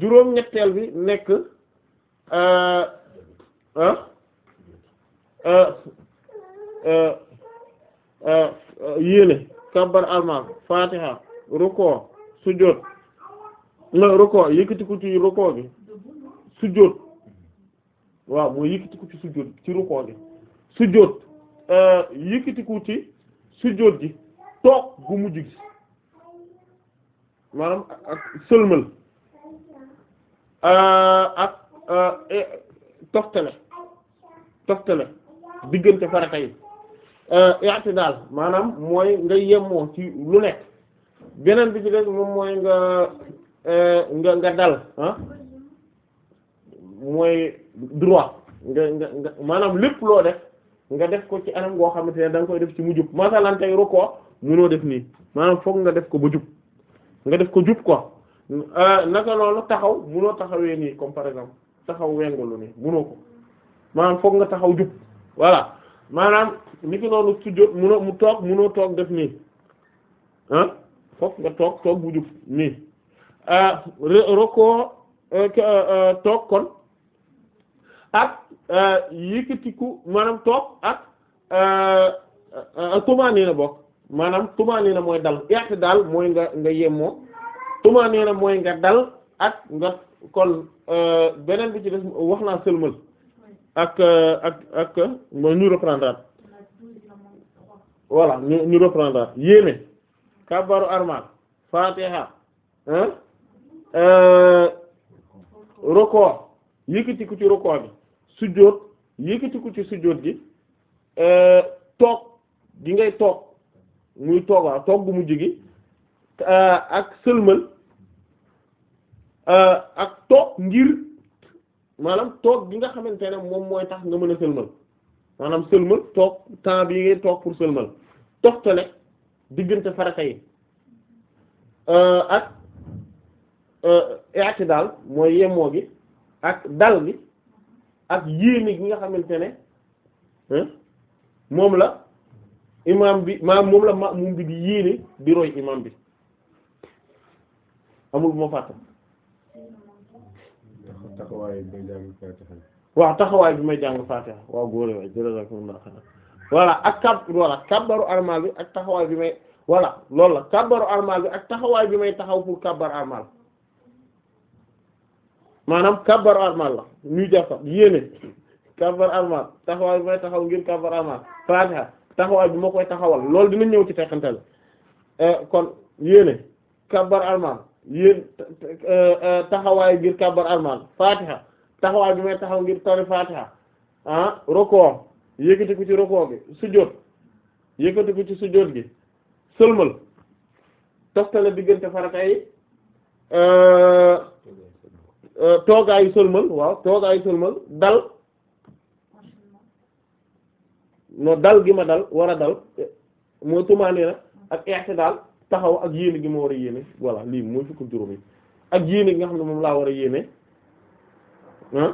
juróom ñetteel bi nekk e, e, yéene kabbar almal fatiha rukoo sujjóot na rukoo yëkkatiku ci rukoo bi sujjóot waaw mooy yëkkatiku ci sujjóot ci rukkoo gi sujjóot euh, yëkkatiku ci sujjóot gi toog gu mujj gi maanaam ak sëlmal euh, ak euh, e, toftale toftale diggante farata yi daal maanaam mooy nga yemoo ci lu nekk beneen bi ci moom mooy nga nga dal ah. mooy droit nga nga maanaam lépp loo def nga def ko ci anam goo xamante ne da koy def ci mu jub masalan tey rukkoo mënoo def nii maanaam foog nga def ko ba jub nga def ko jub ko euh, naka loolu taxaw mënoo taxawee nii comme par exemple taxaw wengulu nii mënoo ko maanaam foog nga taxaw jub voilà maanaam ni ki noonu mu toog mënoo toog def nii ah foog nga toog toog bu jub nii euh, rukkoo euh, toog kon ak euh, yëkkatiku maanaam toog ak euh, euh, tumaaniina bokk maanaam na mooy dal yaati daal mooy nga nga yemmoo tumaaniina mooy nga dal ak nga kon beneen bi ci des wax na sëlmal ak ak ak mooy ñu reprendre voilà ñu ñu reprendre yéene kabaru armal fatiha hein roko ci roko sujjóot yëkkatiku ci sujjóot gi euh, toog gi ngay toog muy toog waaw toog gu mujj gi euh, ak sëlmal euh, ak toog ngir maanaam toog gi nga xamante ne moom mooy tax nga mën a sëlmal maanaam sëlmal toog temps bii ngay toog pour sëlmal toftale diggante faraka yi ak daal mooy yemoo gi ak dal gi ak yéene gi nga xamante ne moom la imaam bi maam moom la maamum bi di yéene di roy imaam bi amul bu ma fàtte taxawaay bi may jàng Fatiha waaw taxawaay bi may jàng Fatiha waaw góor waay jazakumullahu khairan voilà ak kab voilà kabbaru armal bi ak taxawaay bi may voilà loolu la kabbaru armal bi ak taxawaay bi may taxaw pour kabbar armal maanaam kabbar armal la ñuy jàpp yéene kabbar armal taxawaay may taxaw ngir kabbar armal fatiha taxawaay bi ma koy taxawal loolu dina ñëw ci teqantal eh, kon yéene kabbar armal yéen eh, eh, taxawaay ngir kabbar armal fatiha taxawaay may taxaw ngir tari fatiha ah roko yëkkati ko ci roko bi sujjóot yëkkati ko ci sujjóot gi sëlmal toftale diggante farata yi Euh, toogaayu sëlmal waaw toogaayu sëlmal dal no dal gi ma dal war a dal mooy tumaani na ak i'tidaal taxaw ak yéene gi ma war a yéene voilà lii mooy fukki juróom yi ak yéene gi nga xam ne moom laa war a yéene ah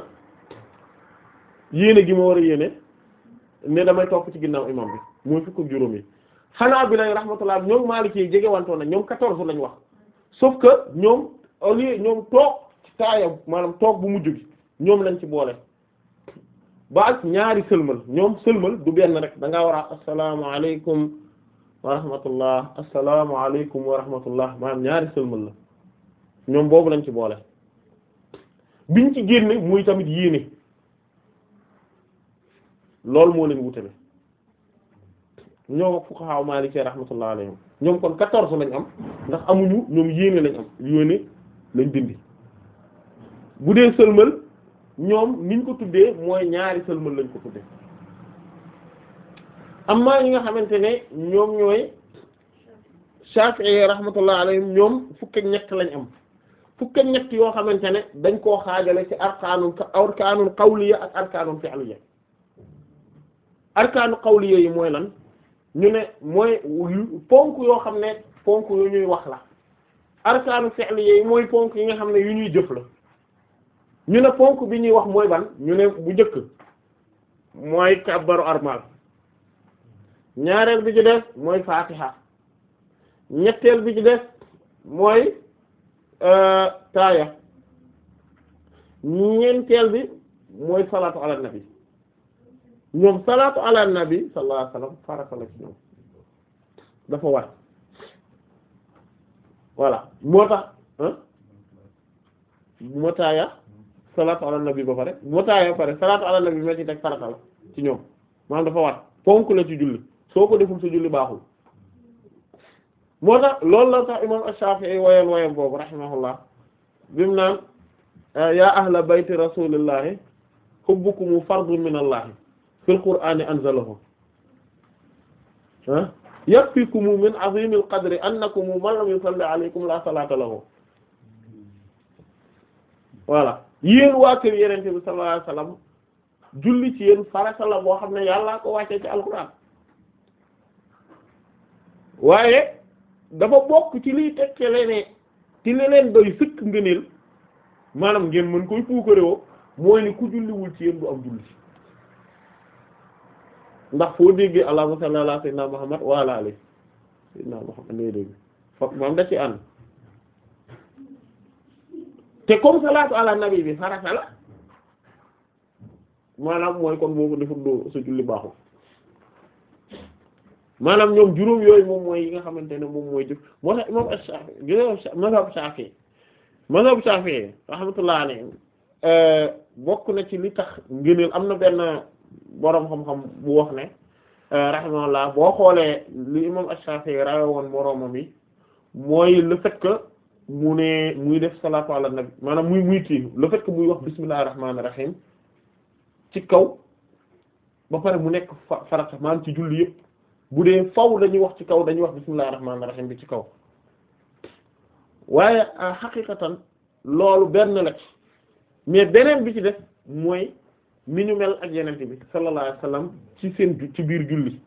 yéene gi ma war a yéene ne damay topp ci ginnaaw imam bi mooy fukki juróom yi xanaa bi lay rahmatullah ñoom Maliki yi jege na ñoom quatorze lañ wax sauf que ñoom au lieu ñoom toog taayam maanaam toog bu mu bi ñoom lañ ci boole ba ñaari sëlmal ñoom sëlmal du benn rek da ngaa war a asalaamaaleykum wa rahmatullah asalaamaaleykum wa rahmatullah maanaam ñaari sëlmal la ñoom boobu lañ ci boole biñ ci génne muy tamit yéene loolu moo leen wutale ñoom ak fuqaha maliki rahmatullah alayhim ñoom kon quatorze lañ am ndax amuñu ñoom yéene lañ am yéene lañ dindi bu dee sëlmal ñoom niñ ko tuddee mooy ñaari sëlmal lañ ko tuddee amma ñi nga xamante ne ñoom ñooy Shafi'i rahmatullah alayhim ñoom fukk ak ñett lañ am fukk ak ñett yoo xamante ne dañ koo xaajale ci arkaanul arkaanul qawliya ak arkaanul fi'liya arkaanul qawliya yi mooy lan ñu ne mooy ponk yoo xam ne ponk yu ñuy wax la arkaanul fi'liya yi mooy ponk yi nga xam ne yu ñuy jëf la ñu ne ponk bi ñuy wax mooy ban ñu ne bu njëkk mooy kabbaru armal ñaareel bi ci des mooy fatiha ñetteel bi ci des mooy euh, taaya ñeenteel bi mooy salaatu ala nabi ñoom salaatu ala nabi sallallahu alayhi wasallam farata la ci ñoom dafa war voilà moo tax moo taaya salaatu ala nabi ba pare wataaya ba pare salaatu ala nabi ma ci teg farata la ci ñoom maanaam dafa war ponk la ci julli soo ko defum sa julli baaxul moo tax loolu la tax imam Ash-Shafi'i woyoon woyoon boobu rahimahullah bi naan eh, yaa ahla bayti rasulillahi hubbukumu fardun min allahi fil qur'ani anzalahu ah yakfikumu min azimil qadri annakum man lam yusalli alaykum la salata lahu yéen waa kër yenente bi sallallahu alayhi wasallam julli ci yéen farata la boo xam ne yàllaa ko wàccee ci alxuraan waaye dafa bokk ci liy tekkale ne ci li leen doy sëkk ngëneel maanaam ngeen mën koy puukarewoo mooy ni ku julliwul ci yéen du am julli ndax foo déggee allahumma salli ala sayyidina muhammad wa ala ali sayyidina muhammad ngay dégg foog moom da ci ànd te comme salaatu ala nabi bi farata maanaam mooy kon boo ko defut doo sa julli baaxul maanaam ñoom juróom yooyu moom mooy yi nga xamante ne moom mooy jëf moo tax imam Shafi gëna mazhab Shafi mazhab Shafi rahmatullah alayhi euh, bokk na ci li tax ngëneel am na benn boroom xam-xam bu wax ne euh, rahmatullah boo xoolee li imam Shafi rawe woon moroomam yi mooy le fait mu ne muy def salaatu ala nabi maanaam muy muy kii le fait que muy wax bismillahir rahmanir rahim ci kaw ba pare mu nekk farata maanaam ci julli yëpp bu dee faw dañuy wax ci kaw dañuy wax bismillahir rahmanir rahim bi ci kaw waaye ah, xaqiqatan loolu benn la mais beneen bi ci def mooy ni ñu mel ak yenente bi ci seen ci biir julli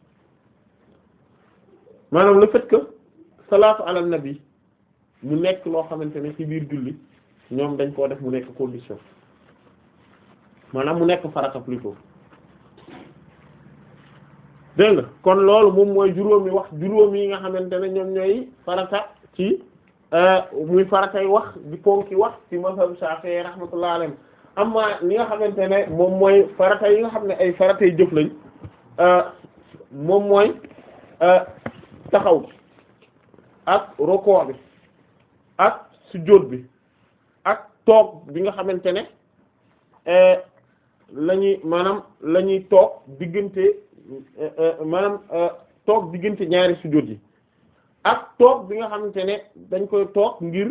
maanaam le fait salaatu ala nabi mu nekk loo xamante ne ci biir julli ñoom dañ koo def mu nekk condition maanaam mu nekk farata plutôt dégg nga kon loolu moom mooy juróomi wax juróomi yi nga xamante ne ñoom ñooy farata ci euh, muy faratay wax di ponki wax ci mazhab Shafi'i rahmatullah alayhi amma li nga xamante ne moom mooy farata yi nga xam ne ay faratay jëf lañ euh, moom mooy euh, taxaw ak roko bi ak sujjóot bi ak toog bi nga xamante ne eh, la ñuy maanaam la ñuy toog diggante eh, eh, maanaam toog diggante ñaari sujjóot yi ak toog bi nga xamante ne dañ koy toog ngir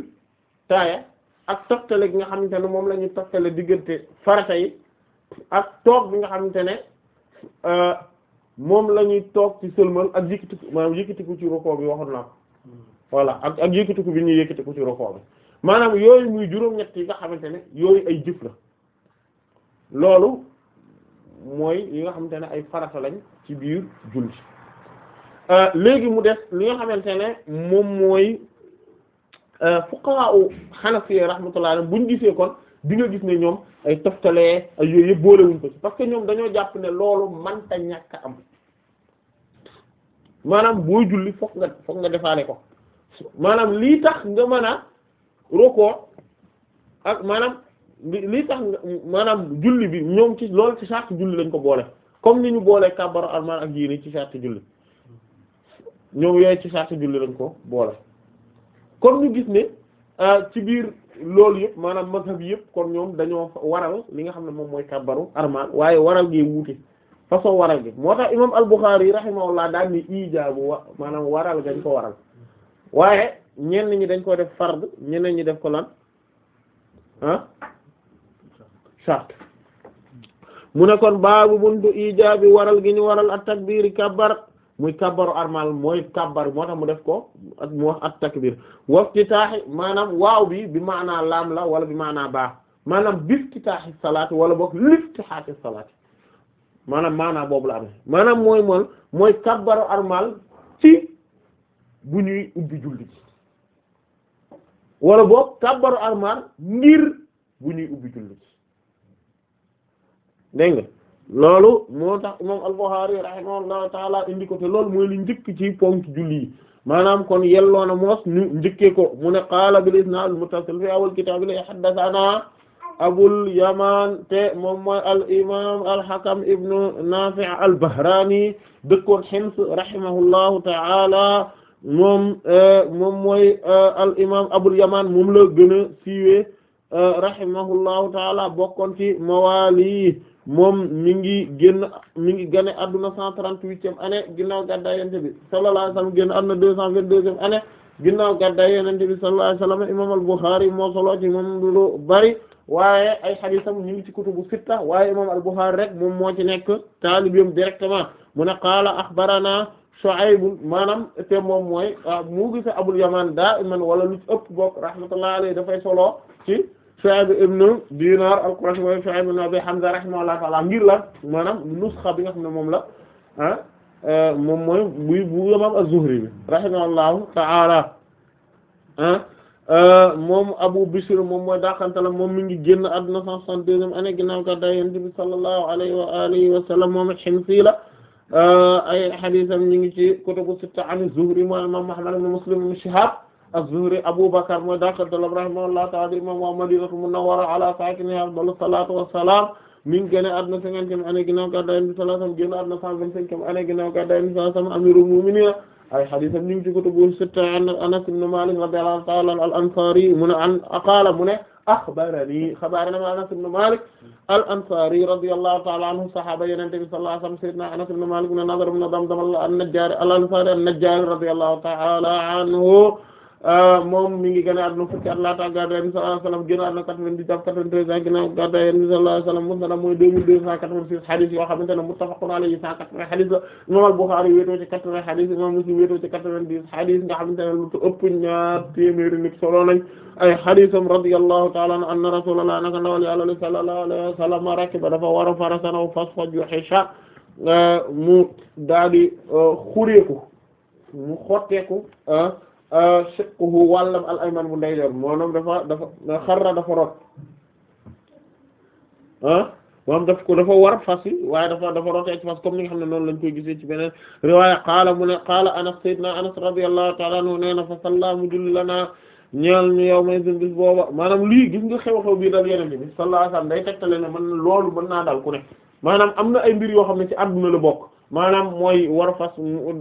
taaya ak toftale bi nga xamante ne moom la ñuy toftale diggante farata yi toog bi nga xamante ne moom la ñuy toog ci sëlmal ak yëkkati maanaam yëkkati ko ci rukoo bi waxoon naa ko voilà ak ak yëkkati ko bi ñuy yëkkati ko ci roko bi maanaam yooyu muy juróom-ñett yi nga xamante ne yooyu ay jëf la loolu mooy yi nga xamante ne ay farata lañ ci biir julli euh, léegi mu def li nga xamante ne moom mooy euh, fuqaha hanafi rahmatullah buñ gisee kon di nga gis ne ñoom ay toftalee ay yooyu yëpp boolewuñ ko ci parce que ñoom dañoo jàpp ne loolu manta ñàkk am maanaam boo julli fokk nga fokk nga defaale ko maanaam lii tax nga mën a roko ak maanaam lii tax maanaam julli bi ñoom ci lool ci sarti julli lañ ko boole comme ni ñu boole kàbbaru armaan ak yéene ci sarti julli ñoom yooyu ci sarti julli lañ ko boole kon ñu gis ne euh, ci biir loolu yëpp maanaam mazhab yëpp kon ñoom dañoo waral li nga xam ne moom mooy kàbbaru armaan waaye waral gee wuute façon waral gi moo tax imam al-Bukhari rahimahullah daal ni ijaabu wa maanaam waral gañ ko waral waaye ñenn ñi dañ ko def fard ñeneen ñi def ko lan ah shart mu ne kon baabu buntu ijaabi waral gi ñu waral at takbiri kabbar muy kabbaru armal mooy kabbar moo tax mu def ko ak mu wax at takbir waftitaahi maanaam waaw bi bi maanaa laam la wala bi maanaa baax maanaam biftitaahi salaat wala boog liftitaahi salaat maanaam maanaa boobu la am maanaam mooy moon mooy kabbaru armal ci bu ñuy ubbi julli gi wala boog kàbbaru armaan ngir bu ubbi julli gi loolu moo imam al-Bukhari rahimahullahu taala indi ko te loolu mooy li njëkk ci ponk julli yi kon yelloo moos ñu ko mu ne qaala bil isnaad al-muttasil fi awwal kitaab li haddathanaa Abul Yamaan te moom mooy al imaam al-Hakam ibnu Naafi' al-Bahraani dëkkoon taala moom euh, moom mooy euh, al imaam Abul Yamaan moom la gën a siiwee euh, rahimahullahu taala bokkoon ci mawaali moom mi ngi génn mi ngi gane adduna cent trente-huitième année ginnaaw gàddaay yonent bi sallallahu alayhi wa sallam génn adduna deux cent vingt-deuxième année ginnaaw gàddaay yonent bi sallallahu alayhi wa sallam imaam al-Bukhari moo solo ci moom lu bari waaye ay xadiisam ñu ngi ci kutubu sitta waaye imaam al-Bukhari rek moom moo ci nekk taalibeem directement mu ne qaala axbarana Shu'aybun maanaam te moom mooy ah, mu gis Abul Yaman daa'iman wala lu ci ëpp bokk rahmatullahi alayhi dafay solo ci Shu'ayb ibn Dinar al-Qurashi wa Shu'ayb ibn Abi Hamza rahimahullahu ta'ala ngir la maanaam nusxa bi nga xam ne moom la ah eh, moom mooy buy bu imaam az-Zuhri bi rahimahullahu ta'ala ah eh, moom Abu Bishr moom mooy daaxantala moom mi ngi génn àdduna 162e année ginnaaw gàddaay Yonent bi sallallahu alayhi wa alihi wa sallam moom Himsi la ay xadisam ñu ngi ci kutubu sitta an Zuhri mooy imam Ahmad ibn Muslim ibn Shihab az-Zuhri Abu Bakr mooy daxaltalam rahimahullahu ta'ala imam wa Madinatu Munawwara ala sakiniha afdalu salatu wassalam mi ngi génne àdduna cinquantième année ginnaaw gàddaay Yonent bi sallallahu alayhi wasallam génn àdduna cent vingt-cinquième année ginnaaw gàddaay Yonent bi sallallahu alayhi wasallam amirul mu'minin ay xadisam ñu ngi ci kutubu sitta an Anas ibn Malik radiyallahu ta'ala al-Ansari mu ne an qaala mu ne axbarani xabaarana ma anas ibn malik al ansari radiyallahu ta'ala anhu sahaaba yenente bi sallallahu alayhi wasallam sayyidina anas ibn malik ibn nadr ibn damdam an-najjari al ansari an-najjari radiyallahu ta'ala anhu Euh, moom mi ngi gën a àdduna fukki at laata gàddaay Yonent bi sallallahu alayhi wasallam gën a àdduna quatre-vingt-dix jàpp quatre-vingt-treize ans ginnaaw gàddaay Yonent bi quatre-vingt-six xadis quatre-vingts xadis la imam al-Bukhari wéetoo ci quatre-vingts xadis imam Muslim wéetoo ci quatre-vingt-dix xadis nga xamante ne lu ëpp ñaar téeméeri nit solo nañ ay xadisam radiyallahu ta'ala anhu anna rasulullah naka ndawal yàlla sallallahu alayhi wasallam rakiba dafa war a farasanaw fasfa juhisha shiqquhu euh, wàllam al ayman bu ndeyjoor maanaam dafa dafa xarra dafa rot ah moom daf ko dafa war fas yi waaye dafa dafa rotee ci fas comme ni nga xam ne noonu lañ koy gisee ci beneen riwaaya qaala mu ne qaala anas sayyidna anas radiyallahu ta'ala anhu nee na fa salla mu julli lanaa ñeel ñu yow may bis booba maanaam lii gis nga xew-xew bii dal yene bi sallallahu alayhi wasallam day tegtale ne man loolu mën naa dal ku ne maanaam am na ay mbir yoo xam ne ci àdduna la bokk maanaam mooy war fas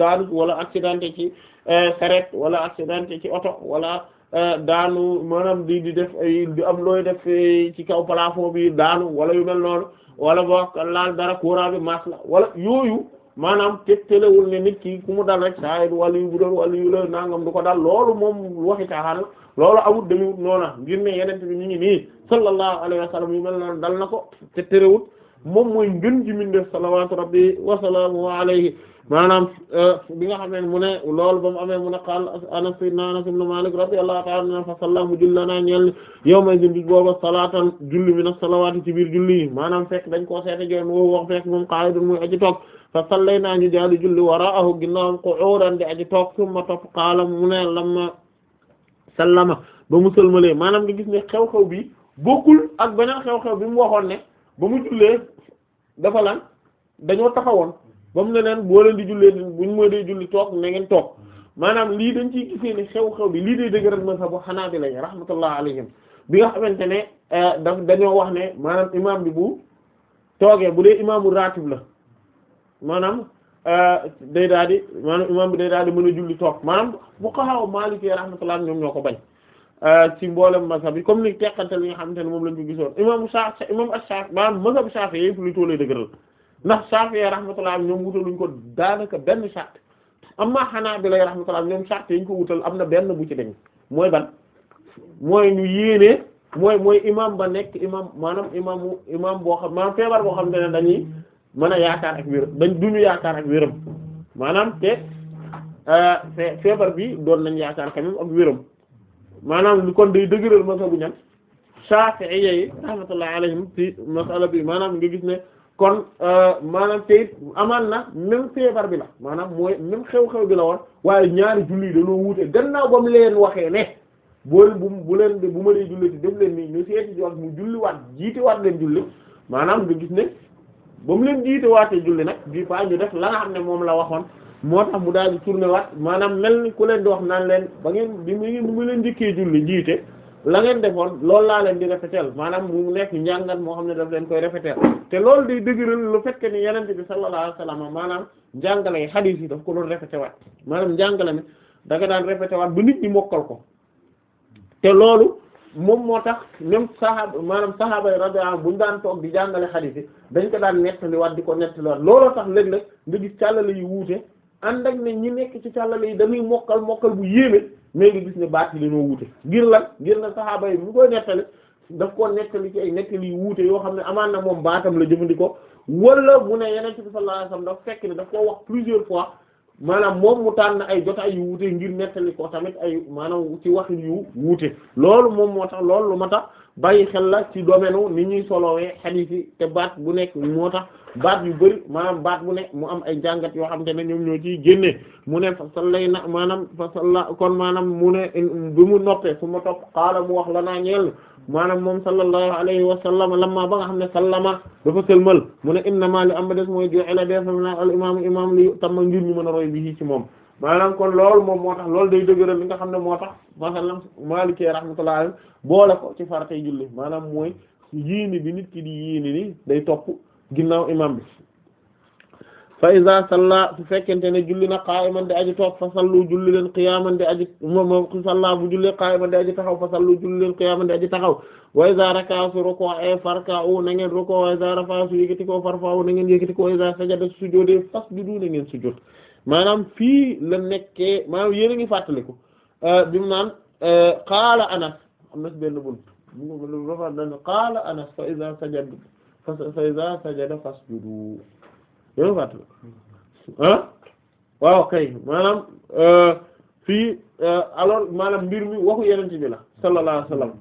daanu wala accidenté ci saret euh, wala accidenté ci oto wala euh, daanu maanaam di di def ay di am looy def euh, ci kaw plafond bi daanu wala yu mel noonu wala boo laal dara courant bi mas la wala yooyu maanaam tegtalewul ne nit ki ku mu dal rek saa yi wàllu yu bu doon wàllu yu la nangam ko dal loolu moom waxi caaxaan la awut amul demiwut noona ngir ne yeneen bi ñu ngi nii sallallahu alayhi wa sallam yu mel dal na ko te terewut moom mooy ngën ji mindef salawaatu rabbi wa salaamu alayhi maanaam euh, bi nga xam ne mu ne loolu ba mu amee mu ne qaal anas sayyidina anas ibn malik radiyallahu ta'ala anhu fa salla mu julli lanaa ñeel yawma jëm bis booba salaatan julli mina salawaati ci biir julli yi maanaam fekk dañ koo seete joon woowu wax fekk moom qaa'idun muy aji toog fa sallaynaa ñu jaali julli wara'ahu ginnaawam qu'uudan di aji toog summa topp qaala mu ne lamma sallama ba mu maanaam nga gis ne xew-xew bi bokkul ak beneen dafa lan dañoo taxawoon ba mu ne leen boo leen di jullee buñ moo dee julli toog na ngeen toog maanaam lii dañ ciy gisee ni xew-xew bi lii day dëgëral mazhabu xanaabila rahmatullah alayhim bi nga xamante ne euh, daf dañoo wax ne maanaam imaam bi bu toogee bu dee imaamu ratib la maanaam euh, day daal di maanaam imaam bi day daal mën a julli toog maanaam fuqaha Maliki rahmatullah ñoom ñoo ko bañ Euh, ci mboolem mazhab yi comme ni teqantal li nga xamante ne moom lañ ko gisoon imam a imam Shafi maanaam mazhab Shafi yi plutôt lay dëgëral ndax Shafi rahmatullah ñoom wutaluñ ko daanaka benn charte amma Hanabila rahmatullah ñoom charte yi ñu ko wutal am na benn bu ci dañ mooy ban mooy ñu yéenee mooy mooy imaam ba nekk imam maanaam imamu imam boo xam maanaam feebar boo xam ne dañuy mën a yaakaar ak wéram dañ duñu yaakaar ak wéram maanaam te euh, feebar bi doon nañ yaakaar quand ak wéram maanaam kon day dëgëral mazhabu ñan Shafi'iyya yi rahmatullahi alayhim ci masala bi maanaam nga gis ne kon euh, maanaam tey amaan na même feebar bi la maanaam mooy même xew-xew bi la woon waaye ñaari julli dañoo wuute gannaaw ba mu leen waxee ne boo bu bu leen bu ma lay julliti def leen nii ñu seeti wax mu julliwaat jiitiwaat leen julli maanaam nga gis ne ba mu leen jiitiwaatee julli nag bii fa ñu def la nga xam ne moom la waxoon moo tax mu daal di tourné waat maanaam mel ni ku leen di wax naan leen ba ngeen bi mu bi mu leen njëkkee julli jiite la ngeen defoon loolu laa leen di rafetal maanaam mu nekk njàngat moo xam ne daf leen koy rafetal te loolu day dëgëral lu fekk ni yenente bi sallallahu alayhi wasallam maanaam njàngale yi xadiis yi daf ko doon rafetal waat maanaam njàngale mi da nga daan rafetal waat ba nit ñi mokkal ko te loolu moom moo tax même sahaaba maanaam sahaaba yi radiyallahu bu ñu daan toog di jàngale xadiis yi dañ ko daan nettali waat di ko nettali waat looloo tax léeg-léeg nga gis càllale yi wuute ànd ak ne ñi nekk ci càllale yi dañuy mokkal mokkal bu yéeme mais nga gis ne baat yi dañoo wuute ngir lan ngir lan saxaaba yi mu koy nettali daf ko nettali ci ay nettali yu wuute yoo xam ne amaan na moom baatam la jëfandikoo wala mu ne yeneen ci sallallahu alayhi wasallam daf fekk ne daf koo wax plusieurs fois maanaam moom mu tànn ay jotaay yu wuute ngir nettali ko tamit ay maanaam ci waxin yu wuute loolu moom moo tax loolu lu ma tax bàyyi xel la ci domaine ni ñuy solowee xadiis yi te baat bu nekk moo tax baat yu bëri maanaam baat bu ne mu am ay jàngat yoo xam te ne ñoom ñoo ciy génnee mu ne fa sallay na maanaam fa salla kon maanaam mu ne bi mu noppee su ma topp xaala mu wax la naa ñeel maanaam moom sallallahu alayhi wa sallam lamma ba nga xam ne sallama dafa sëlmal mu ne innama am ba des mooy joxela def na al imaamu imaam li tamma ngir ñu mën a roy bi ci moom maanaam kon loolu moom moo tax loolu day dëgëral li ne moo tax masalan Maalikee rahmatullah alayhi boole ko ci faratay julli maanaam mooy yéene bi nit ki di yéene day topp ginnaaw imam bi fa iza salla su fekkente ne julli na qa'iman di aji toog fa sallu julli leen qiyaman di aji moom salla bu julli qa'iman di aji taxaw fa sallu julli leen qiyaman di aji taxaw wa iza raka'a su ruku'a farka'u na ngeen ruku wa iza rafa'a su yëkkati ko farfa'u na ngeen yëkkati ko wa iza sajada su sujjóote fasjudu na ngeen sujjóot maanaam fii la nekkee maanaam yéen a ngi fàttaliku euh, euh, bi mu naan qaala Anas am na benn bunt qaala Anas fa iza sajada fa iza sajada fasjudu yooyu fàtt ah waaw kay maanaam euh, fii euh, alors maanaam mbir mi waxu yenente bi la sallallahu alayhi wasallam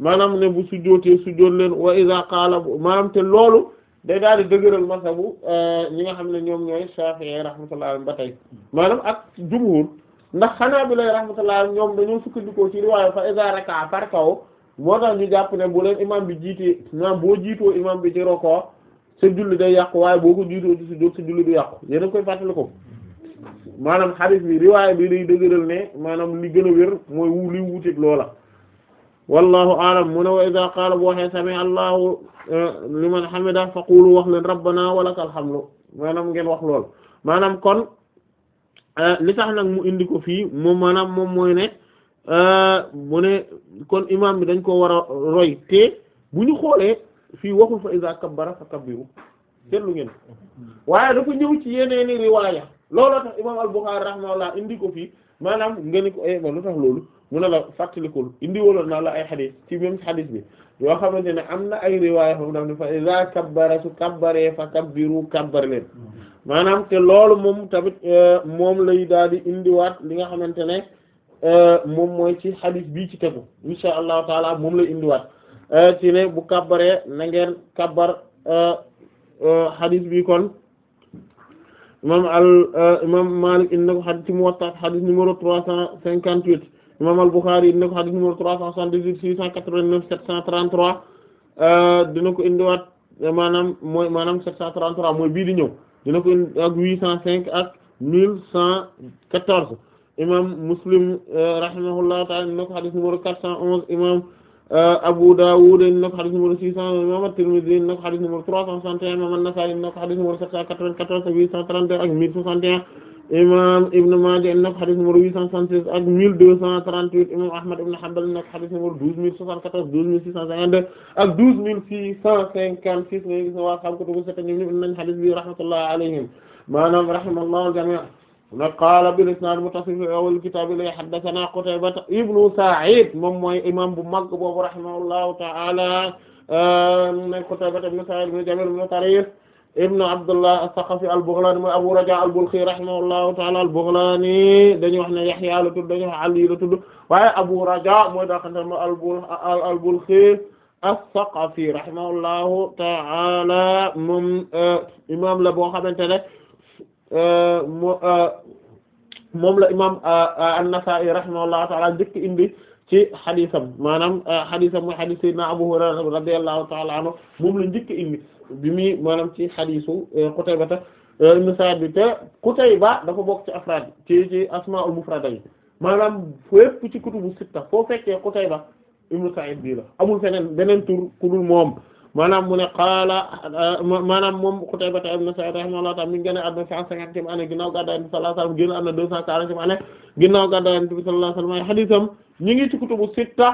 maanaam ne bu sujjootee sujjoot leen wa iza qaala maanaam te loolu day daal di dëgëral masabu euh, ñi nga xam ne ñoom ñooy Shafi'i rahmatullah ba tey maanaam ak jumhur ndax xanaa bi lay rahmatullah ñoom dañoo sukkandikoo ci riwaayu fa iza raka'a farka'u moo tax ñu jàpp ne bu leen imam bi jiitee maanaam boo jiitoo imam bi ci roko sa julli day yàqu waaye boo ko jiitoo ci sujjóot sa julli du yàqu yéen koy fàttali ko maanaam xadis bi riwaay bi day dëgëral ne maanaam li gën a wér mooy wu li wuuteeg loola wallahu aalam mu ne wa iza qaala bu waxee sami allahu eh, liman hamida faqulu wax leen rabbana walakal hamdu maanaam ngeen wax lool maanaam kon eh, li tax nag mu indi ko fii moom maanaam moom mooy ne Euh, mu ne kon imam bi dañ ko war a roy te bu ñu xoolee fii waxul fa iza kabbara fa kabbiru seetlu ngeen waaye dafa ñëw ci yeneeni riwaaya looloo tax imam al-Bukhari rahimahullah indi ko fii maanaam nga ni ko ba eh, tax loolu mu ne la fàttalikul indi woloon naa la ay xadis ci même xadis bi yoo xamante ne am na ay riwaaya foofu daf ne fa iza kabbara su kabbaree fa kabbiru kabbar leen hmm. maanaam te loolu moom tamit euh, moom lay daal di indiwaat li nga xamante ne Euh, moom mooy ci hadith bii ci tegu insha allahu taala moom la indiwaat euh, ci ne bu kabbaree na ngeen kabbar euh, hadith bi kon imam al imam Malik indi na ko hadith ci Muwatta hadith numéro trois cent cinquante huit imam al Bukhari indi na ko hadith numéro trois cent soixante dix huit six cent quatre vingt neuf sept cent trente trois dina ko indiwaat maanaam mooy maanaam sept mooy bii di ñëw dina ko ak huit cent cinq ak mille cent quatorze imam Muslim eh, rahimahullahu ta'ala na ko xadis numéro 411 imam eh, Abu Dawud na ko xadis numéro 600 imam At-Tirmidhi na ko xadis numéro 361 imam An-Nasa'i na ko xadis numéro 794 832 ak 1061 imam Ibn Maaja na ko xadis numéro 866 ak 1238 imam Ahmad ibn Hanbal na ko xadis numéro 12074 12652 ak 12656 nga gis ne waa xam ko dugg seet ñoom ñëpp nañ xadis bi rahmatullahi alayhim maanaam rahimallahu jami'an na qaala bil isnaad muttasil fi awwal kitaab li haddathanaa Qutayba ibnu Sa'iid moom mooy imam bu mag boobu rahimahullahu ta'ala na Qutayba ibnu Sa'iid ibnu Jamiil ibnu Tariif ibnu Abdullah as-Saqafi al-Baghlaani mooy Abu Rajaa al-Balkhi rahimahullahu ta'ala al-Baghlaani dañuy wax ne Yahya la tudd dañuy wax Ali la tudd waaye Abu Rajaa mooy daa xam ne al-Balkhi as-Saqafi rahimahullahu ta'ala moom euh, imam la boo xamante ne Euh, euh, moom la imaam euh, an-Nasaa'i rahimahullahu ta'ala njëkk indi ci xadisam maanaam xadisam mooy xadis sayyidina Abu Hurayra radiyallahu ta'ala anhu moom la njëkk indi bi muy maanaam ci xadisu Qutayba ta ibn Sa'id bi te Qutayba dafa bokk ci afraad ci ci asmaa'ul mufrada yi maanaam fépp ci kutubu sitta foo fekkee Qutayba ibn Sa'id bii la amul feneen beneen tur ku moom maanaam mu ne qaala maanaam moom Qutayba ibn Sa'id rahimahullahu ta'ala mi ngi génn àdduna cent cinquantième année ginnaaw gàddaay Yonent bi sallallahu alayhi wasallam génn àdduna deux cent quarantième année ginnaaw gàddaay Yonent bi sallallahu alayhi wasallam ay hadisam ñi ngi ci kutubu sitta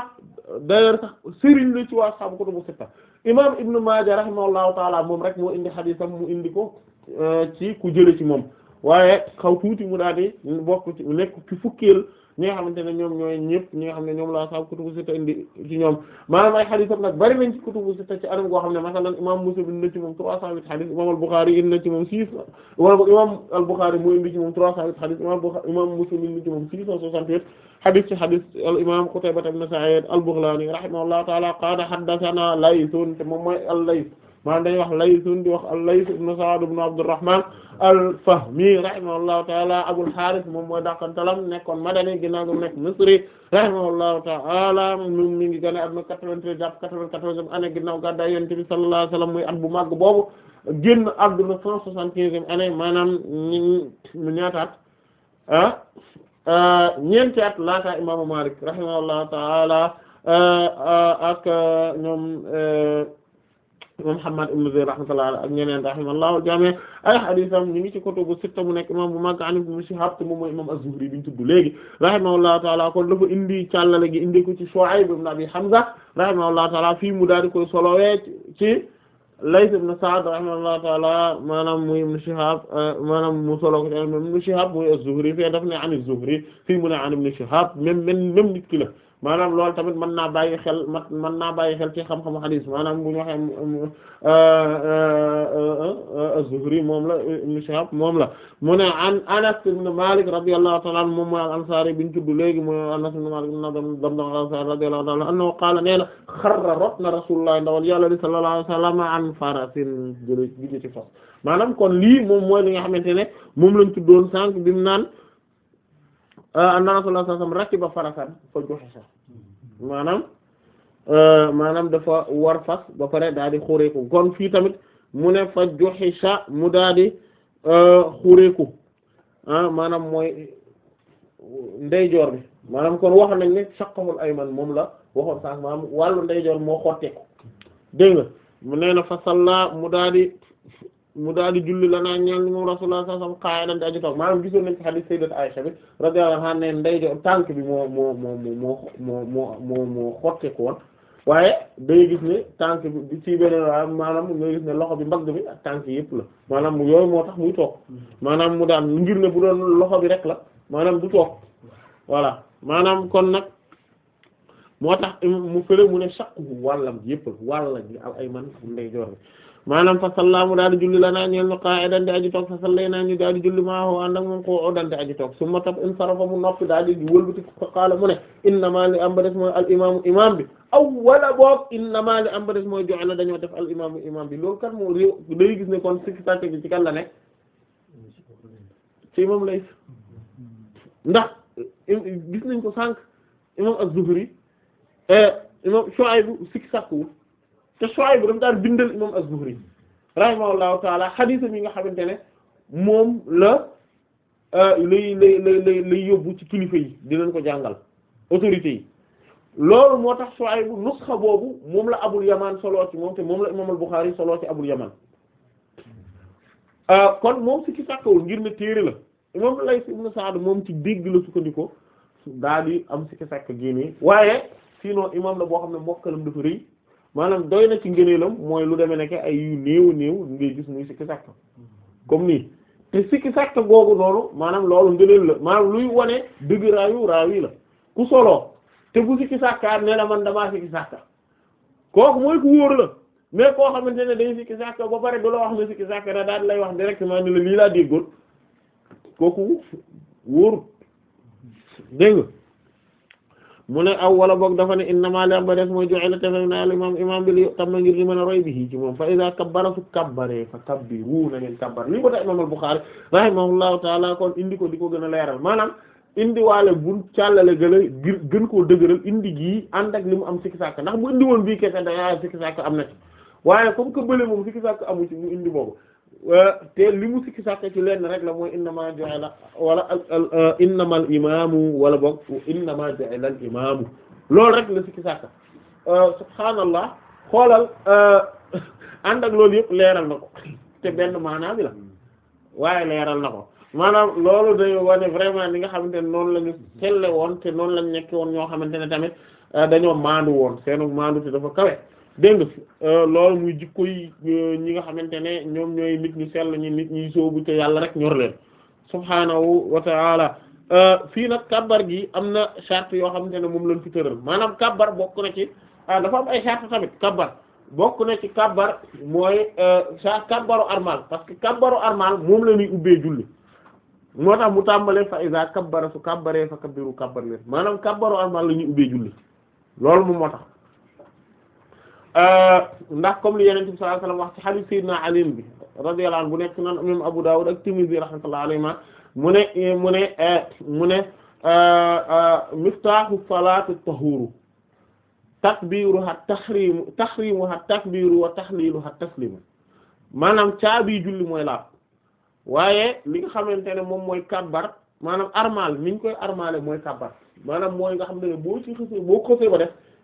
d'ailleurs sax sëriñ la ci waa xam kutubu sitta imam Ibn Maaja rahimahullahu ta'ala moom rek moo indi hadisam mu indi ko euh, ci ku jële ci moom waaye xaw tuuti mu daal di bokk ci nekk ci fukkeel ñi nga xamante ne ñoom ñooy ñëpp ñi ne ñoom la saab kutubu sitta indi ci ñoom maanaam ay xadisam nag bari nañ ci kutubu sitta ci anam goo xam ne masalan imam Muslim indi na ci moom 308 xadis imam al imam al-Bukhari moo indi ci moom 308 xadis imam imam Muslim indi ci moom 668 ci xadis imam Qutayba ibn Sa'id al-Baghlani rahimahullahu ta'ala qaala haddathana Laythun te moom mooy maanaam dañuy wax laysun di wax al-Layth ibn Sa'd ibn Abdurrahman al-Fahmi ta'ala Abul Harith moom mooy dàqantalam nekkoon madani ginnaaw mu nekk misri rahimahullahu ta'ala moom mi ngi gane at na 93 jàpp 94 année ginnaaw gàddaay Yonent bi sallallahu alayhi wasallam muy at bu màgg boobu génn àdduna 175e année ah, ah ñeenti laata imaamu Malik rahimahullahu ta'ala ah, ah, ak ñoom. Eh, imam Muhammad ibn Zayd rahmatullah ak ñeneen rahimahullahu jami' ay hadisam ñu ngi ci kutubu sitta mu nekk imam bu mag an Ibn Shihab te moom mooy imam az-Zuhri bi ñu tudd léegi rahimahullahu taala kon dafa indi càllale gi indi ko ci Shu'ayb ibn Abi Hamza rahimahullahu taala fii mu daal di koy solowee ci Layth ibn Sa'd rahimahullahu taala maanaam muy Ibn Shihab eh, mu solo ko ci Ibn Shihab muy az-Zuhri fii daf ne zuhri fii mu ne an Ibn Shihab même même nit ki la maanaam loolu tamit mën naa bàyyi xel mat mën naa bàyyi xel ci xam-xamu hadith maanaam bu ñu waxee az-Zuhri euh, euh, euh, moom la Ibn Shihab moom la mu ne an Anas ibn Malik radiyallahu ta'ala anhu moom mooy al-Ansari bi ñu tudd léegi mooy Anas ibn Malik ibn Damdam al-Ansari radiyallahu ta'ala anhu qaala nee na xarra rot na Rasulullah ndawal yàlla li sallallahu alayhi wa sallam an farasin jële jige ci fas maanaam kon lii moom mooy li nga xamante ne moom lañ tuddoon sànq bi mu naan Ah, anna Rasulullah sallallahu alayhi wasallam rakiba farasan fa juhasha maanaam ah, maanaam dafa war fas ba pare daal di xureeku kon fii tamit mu ne fa juhisha mu daadi di ah, xureeku maanaam mooy ndeyjoor bi maanaam kon wax nañ ne shaqahul ayman moom la waxoon sax maanaam wàllu ndeyjoor moo xotteeku dégg nga mu fa salla mu daal mu daal di julli la naa ñaan moom rasulullah sallallahu alayhi wasallam xaayanan di aji toog maanaam gisoon nañ ci hadith sayyidat Aisha bi tànk bi moo moo moo moo moo moo waaye day tànk bi ci beneen maanaam ngay gis ne loxo bi mbagg bi ak tànk yépp la maanaam yooyu moo tax muy toog maanaam mu daan ngir ne bu doon loxo bi rek la maanaam du toog voilà maanaam kon nag moo tax mu fële mu ne chaque wàllam yëpp wàlla ji al ay man ndey bi maanaam fa salla mu daal di julli lanaa ñeel ñu qaa'idan di aji toog fa sallaynaa ñu daal di julli maahu ànd ak moom qu'uudan di aji toog summa topp insarafa mu noppi daal di wëlbati fa qaala mu ne innamaa li am ba des mooy al imaam bi awwala boog innamaa li am ba des mooy joxe la dañoo def imaam bi loolu kat moo day gis ne kon sikki bi ci la nekk ci imaam lay ndax gis nañ ko sànq imaam az-Zuhri eh, imaam Shu'ayb sikki sàkkwul te Shuayb daf daan bindal imam az-Zuhri rahimahullahu taala xadiis yi nga xamante ne moom la euh, lay lay lay lay yóbbu ci kilifa yi dinañ ko jàngal autorité yi loolu moo tax Shuayb nusxa boobu moom la Abul Yamaan solo ci moom te moom la imam al-Bukhari soloo ci Abul Yamaan euh, kon moom si ki sàkkawul ngir ne téere la imam Layth ibn Sa'd moom ci dégg la sukkandikoo daal am si ki sàkk génnee waaye sinon imam la boo xam ne mokkalam dafa rëy maanaam doy na ci ngëneelam mooy lu demee nekk ay yu néew néew ngay gis muy sikki sàkk comme nii te sikki sàkk googu noonu maanaam loolu ngëneel la maanaam luy wane dëgg raayu raawi la ku soloo te bu sikki sàkkaa ne na man damaa sikki sàkka kooku mooy ku wóor la mais koo xamante ne day sikki sàkka ba pare du la wax ne sikki sàkka na daal lay wax directement ne la lii laa déggoon kooku wóorut dégg mu ne aw wala boog dafa ne innamaa leer ba des mooy joxela tefe na al imam imam bi li a roy bi ci moom fa iza kabbara su kabbare fa kabbiru na ngeen kabbar lii ba tax imam al-Bukhari rahimahullahu taala ko di ko gën a leeral maanaam indi waale bu càllale gën a gën koo dëgëral indi gii ànd ak li mu am sikki sàkk ndax bu indi woon bii kese da sikki am na ci waaye comme que bële moom sikki sàkk amu ci mu indi boobu Euh, te li mu sikki sàkk ci lenn rek la mooy innama ju'ila wala innama al euh, imaamu wala boog innama ju'ila al imaamu loolu rek la sikki sàkk euh, subhaanallah xoolal *laughs* ànd ak loolu yëpp leeral na ko te benn maanaa bi la waaye leeral na ko maanaam loolu day wane vraiment li nga xamante ne noonu lañu ñu woon te noonu lañ nekk woon ñoo xamante ne tamit dañoo maandu woon seenu maandu te dafa kawe dégg nga euh, loolu muy jikko yi euh, ñi nga xamante ne ñoom ñooy nit ñu sell ñi nit ñuy sóobu te yàlla rek ñor leen subhaanahu wa ta'ala euh, fii nag kabbar gi am na charte yoo xamante ne moom lañ fi tëral maanaam kabbar bokk na ci ah dafa charte tamit kabbar bokk na ci kabbar mooy sa kabbaru armal parce que kabbaru armal moom la ñuy ubbee julli moo tax mu tàmbalee fa iza kabbara su kabbaree fa kabbiru kabbar leen maanaam kabbaru armal la ñuy ubbee julli loolu moom moo tax Euh, ndax comme li Yonent bi sallallahu alayhi wa sallam wax ci hadith bi radiyallahu bu nekk nan imam Abu Dawud ak Tirmidhi rahmatullahi alayhima mu ne mu ne euh, mu ne euh, miftaahu salaati tahuuru takbiiruha tahriimu tahriimuha takbiiru wa tahliiluha tasliimu maanaam caabi julli mooy laab waaye li nga xamante ne moom mooy kabbar maanaam armal niñ koy armale mooy kabbar maanaam mooy nga xam ne boo ci xësee boo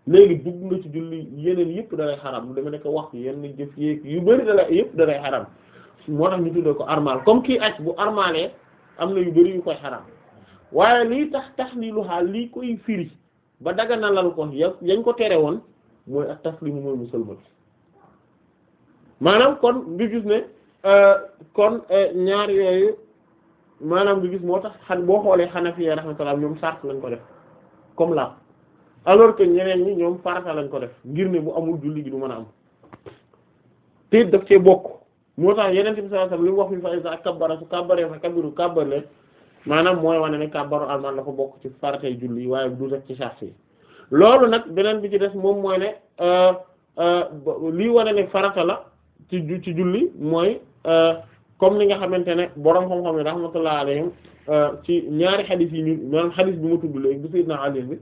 léegi dugg nga ci julli yeneen yëpp dalay xaram lu dama nekk wax yenn jëf yeeg yu bari dalay yëpp dalay xaram moo tax ñu tuddee ko armal comme kii aj bu armalee am na yu bëri yu koy xaram waaye lii tax tahliluha lii koy firi ba daga daganalal ko ya yañ ko tere woon mooy ak taslimu mooy musulman maanaam kon nga gis ne euh, kon euh, ñaar yooyu maanaam nga gis moo tax xan boo xoolee xanafiya rahmatullah ñoom sart lañ ko def comme la alors que ñeneen ñi ñoom farata lañ ko def ngir ne bu amul julli gi du mën a am te daf cee bokk moo tax yeneen bi sallallahu alayhi mu wax fi fa iza kabbara su kabbaree fa kabbiru kabbar leen maanaam mooy wane ne kabbaru alman dafa bokk ci faratay julli waaye du def ci charge loolu nag beneen bi ci des moom mooy ne euh, euh, lii wane ne farata la ci ci julli mooy euh, comme ni nga xamante ne borom xam-xam yi rahmatullah alayhim ci ñaari xadis yi ñu maanaam xadis bi ma tudd léegi bu sayyidna Ali bi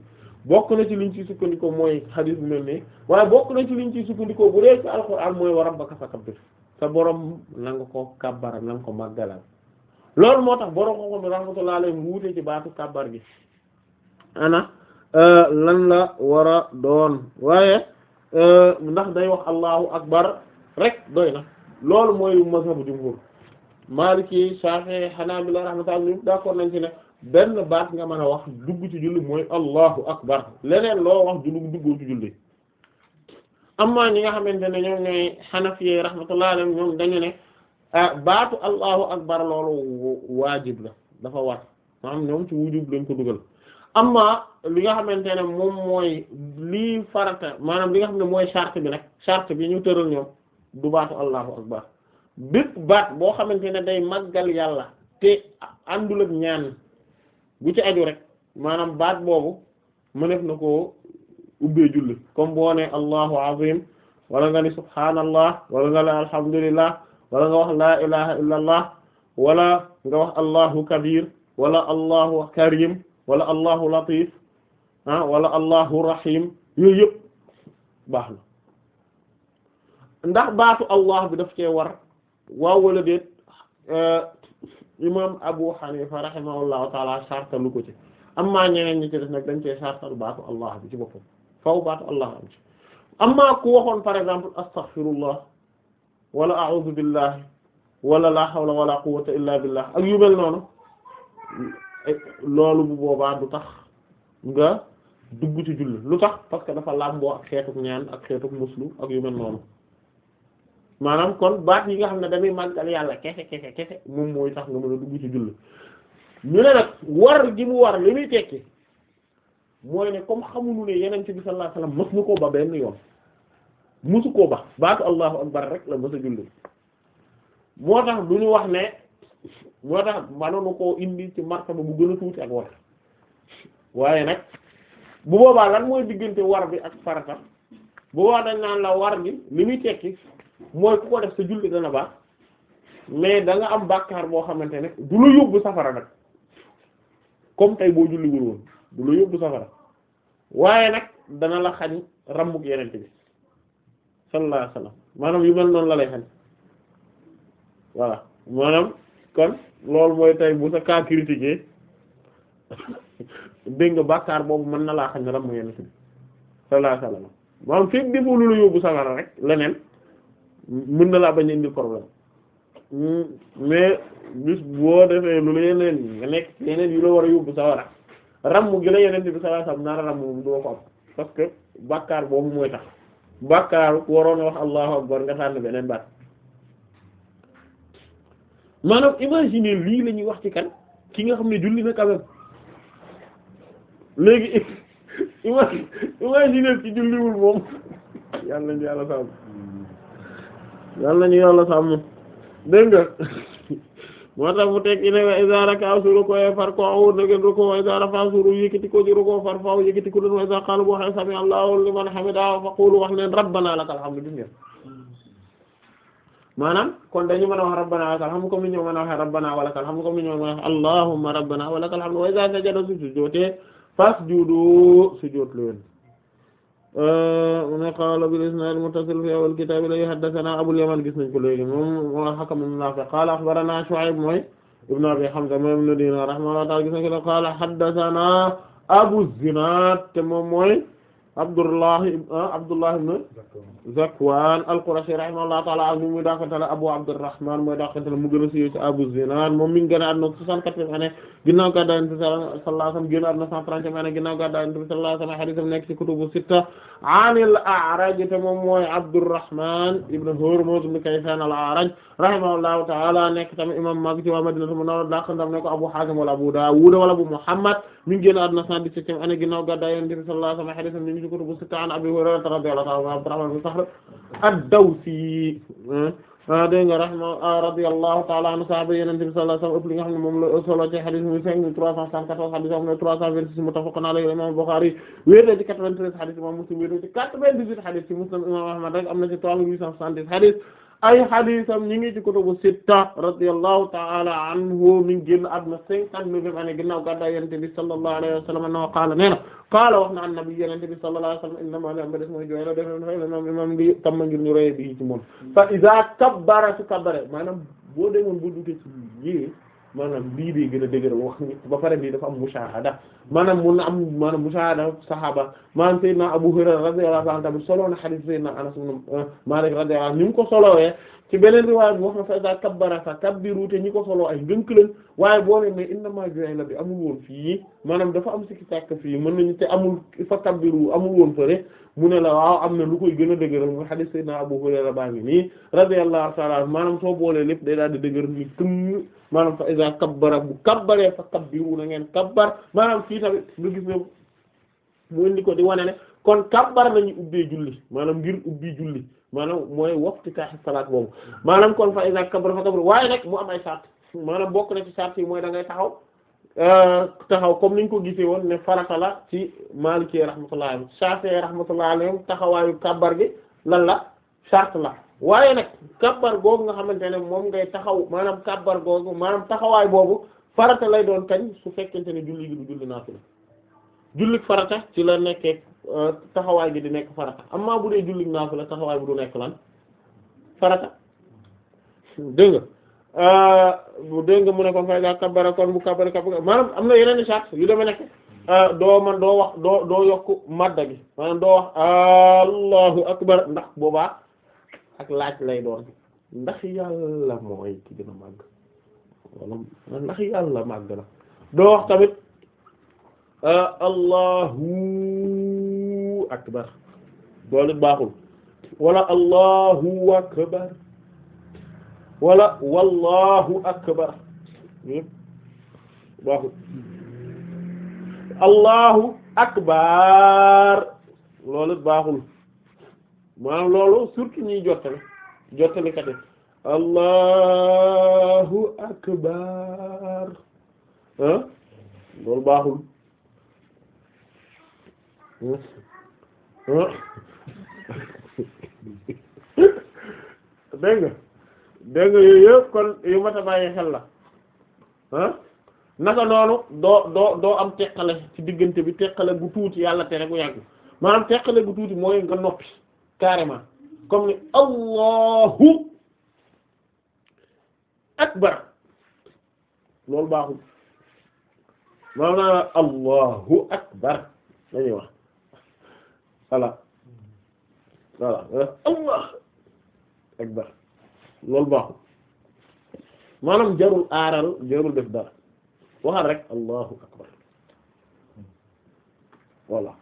bokk na ci liñ ciy sukkandikoo mooy xadis bu mel nii waaye bokk na ci liñ ciy sukkandikoo bu dee ci alxuraan mooy wa ba fakabbir sa borom na nga ko kàbbara na ko màggalal loolu moo tax borom ko ko rahmatullahi alayhi mu wutee ci baatu kàbbar gi ana euh, lan la war a doon waaye euh, ndax day wax allahu akbar rek doy na loolu mooy mazhabu jumhur maliki shafi hanabila rahmatullahi d'accord nañ ci ne benn baat nga mën a wax dugg ci julli mooy allahu akbar leneen loo wax du duggoo ci julli amma ñi nga xamante ne ñoom ñooy xanafiyee rahmatullah alayhim ñoom dañu ne ah, baatu allahu akbar loolu waajib la dafa war maanaam ñoom ci wujub lañ ko li nga xamante ne moom mooy lii farata maanaam li nga xam ne mooy charte bi nag charte bi ñu tëral ñoom du baatu allahu akbar bépp baat boo xamante ne day màggal yàlla te àndul ak ñaan bu ci aju rek maanaam baat boobu mënef na ko ubbee julli comme boone ne allahu azim wala nga ni subhaanallah wala nga la alhamdulillah wala nga wax laa ilaha illa wala nga wax allahu kabir wala allahu karim wala allahu latif ah wala allahu rahim yooyu baax na ndax baatu allah bi daf cee war waaw wala déet euh, imam Abu Hanifa rahimahullahu taala sartalu ko ci amma ñeneen ñi ci def nag dañ cee sartal baatu allah bi ci boppam faw baatu allah am ci amma ku waxoon par exemple astaghfirullah wala a'udhu billahi wala la hawla wala quwwata illa billah ak yu mel noonu loolu bu boobaa du tax nga dugg ci julli lu tax parce que dafa làmboo ak xeetuk ñaan ak xeetuk muslu ak yu mel noonu maanaam kon baat yi nga xam ne dañuy màggal yàlla kese kese kese moom mooy tax nga mën a dugg ci julli ñu ne nag war gi mu war li muy tekki mooy ne comme xamuñu ne yonent ci sallallahu alayhi wasallam mës na koo ba benn yoon mësu ko ba baatu allahu akbar rek la mës a julli moo tax du ñu wax ne moo tax mënoon ko indi ci martaba bu gën a tuuti ak war waaye nag bu boobaa lan mooy diggante war bi ak farata bu boobaa dañ naan la war gi li muy tekki. mooy ku ko def sa julli dana baax mais da am bàkkaar boo xamante ne du la yóbbu safara nag comme tey boo julliwul woon du la yóbbu safara waaye nag dana la xañ rambug yeneen bi sallallahu alayhi maanaam yu mel noonu la lay maanaam kon loolu mooy tey bu sa cas *laughs* dégg nga bàkkaar boobu mën na laa xañ rambu yeneen bi sallallahu alayhi wasallam fekk defoo lu la yóbbu safara rek leneen mën na laa bañ a indil problème hmm, mais bis boo defee lu la yeneen nga nekk yeneen yu la war a yóbbu sawara ramm gi la yeneen bi sallallahu alayhi wasallam naara ramm moom doo ko am parce que bàkkaar boobu mooy tax bàkkaar waroon wax allahu akbar nga sànn beneen baat maanaam imaginer lii la ñuy wax ci kan ki nga xam ne julli na quand même léegi *laughs* imaginer ci julliwul moom *laughs* yàlla ñu yàlla sàmm yal nañu yàlla sàmm dégg nga moo tax mu tekki ne wa iza raka'a suru ko far ko awur na ngeen ruku wa iza rafa'a suru yëkkati ko ci ruku far faaw yëkkati ko doon wa iza qaala boo xee sami allahu liman hamidah fa qulu wax leen rabbana lakal hamdu gis ngeen maanaam kon dañu mën a wax rabbana walakal hamdu comme ni ñu mën a wax rabbana walakal hamdu comme ni ñu mën a wax allahumma rabbana walakal hamdu wa iza sajada su sujootee fasjudu sujoot leen mu ne qaala bil isnaad muttasil fi awwal kitaab la haddathana Abul Yaman gis nañ léegi moom moo Hakam ibn Naafi' qaala akhbaranaa Shu'ayb mooy ibn Abi Hamza mooy ibn a rahimahullahu ta'aala gis nañ ko qaala haddathanaa Abu Zinaad te moom mooy Abdullahi Abdullahi ibn ah, Zakwaan al-Qurashi rahimahullahu ta'aala ak mu daafantale Abu Abdurrahmaan mooy daafantale mu gën a siiw ci Abu Zinaad moom mi ngi gën a àdduna 64 ans ginnaaw gàddaay Yonent bi sallallahu alayhi wasallam génn àdduna 130 an ginnaaw gàddaay Yonent bi sallallahu alayhi wasallam hadiisam nekk ci kutubu sitta anil A'raj te moom mooy Abdurrahman ibn Hurmuz ibn Kaysan al-A'raj rahimahullahu ta'ala nekk tamit imam mag ci waa Madinatu Munawwara daq ndam Abu Hazim wala Abu Dawud wala Abu Muhammad mi ngi génn àdduna 117 an ginnaaw nekk ci kutubu sitta an Abi Hurayra radiyallahu ta'ala anhu Ah, dégg nga rahma ah, radiyallahu ta'ala anhu sahaba yonent bi sallallahu alayhi wasallam ëpp li nga xam ne moom la solo ci hadith muy cinq mille trois cent soixante-quatorze hadith am na trois cent vingt-six muttafaqun alayhi imam Bukhari wéer na ci quatre-vingt-treize hadith imam Muslim wéer na ci quatre-vingt-dix-huit hadith ci Muslim imam Ahmad rek am na ci trois mille huit cent soixante-dix hadith ay xadiisam ñi ngi ci kutubu sitta radiyallahu ta'ala anhu mi ngi génn àdduna cinquante-neuvième année ginnaaw gàddaay yonent bi sallallahu alayhi wa sallam no qaala nee na qaala wax na annabi yonent bi sallallahu alayhi wa sallam innamaa li am ba des mooy jooy la def imam imam bi tam ngir ñu roye bi ci moom fa iza kabbara su kabbare maanaam boo demoon bu duggee ci yi maanaam lii day gën a dëgër wax ba pare lii dafa am mushahada maanaam mun na am maanaam mushahada saxaaba maanaam Seydina Abu Hurayra radiyallahu anhu tamit solo na hadith Seydina Anas ibn Malik radiyallahu anhu ni mu ko solowee ci beneen riwaaya bi wax na fa iza kabbara fa kabbiru te ñi ko soloo ay ngënk lañ waaye boo ne mais innamaa ju'ila bi amul woon fii maanaam dafa am sikki sàkk fii mën nañu te amul fa kabbiru amul woon fëre mu ne la waaw am na lu koy gën a dëgëral mu hadith sayyidina Abu Hurayra baa ngi nii radiyallahu ta'ala maanaam soo boolee lépp day daal di dëgër ni tëmm maanaam fa iza kabbara bu kabbaree fa kabbiru na ngeen kabbar maanaam fii tamit lu gis ne mu indi ko di wane ne kon kabbar nañu ubbee julli maanaam ngir ubbi julli maanaam mooy waxtu taaxi talaat boobu maanaam kon fa iza kabara fa kabara waaye nag mu am ay sart maanaam bokk na ci sart yi mooy da ngay taxaw euh, taxaw comme niñ ko gisee woon ne farata la ci Maliki rahmatullahi alayhi Shafi'i rahmatullahi alayhi taxawaayu kabbar gi lan la sart la waaye nag kabbar googu nga xamante ne moom ngay taxaw maanaam kabbar googu maanaam taxawaay boobu farata lay doon kañ su fekkente ne julli gi du julli naafila julli farata ci la nekkee Euh, taxawaay gi di nekk am amma bu dee julli naafila taxawaay bi du nekk lan farata dégg nga bu euh, dégg nga mu ne kon fay gaa kabbara kon bu kabbara kabbara maanaam am na yeneen charte yu deme nekk euh, doo man doo wax doo doo yokk madda gi maanaam doo wax allahu akbar ndax boobaa ak laaj lay doon ndax yàlla mooy ki gën a màgg wala ndax yàlla màgg la doo wax tamit allahu akbar boole baaxul wala allahu akbar wala wallahu akbar hmm? baaxul allahu akbar loolu baaxul maanaam loolu surtout ñiy jottale jottale kat allahu akbar ah loolu baaxul hmm? *laughs* dégg nga dégg nga yu mat xel la ah naka noonu doo doo doo am teqale ci diggante bi teqale gu tuuti yàlla tere gu yàgg maanaam teqale gu tuuti mooy nga noppi carrément comme ni allahu akbar loolu baaxul maanaam allahu akbar dañuy wax voilà voilà allah akbar loolu baaxul maanaam jarul aaral jarul def dara waxal akbar voilà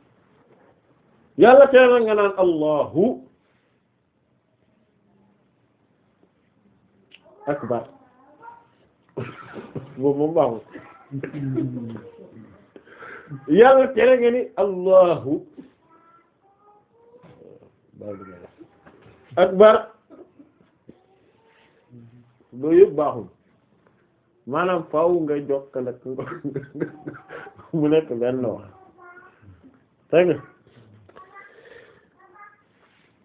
yàlla teena nga naan allahu akbar boobu *laughs* moom baaxul yàlla teena nga ni akbar doo yëpp baaxul maanaam faaw nga jokkal ak *laughs* mu nekk benn wax dégg nga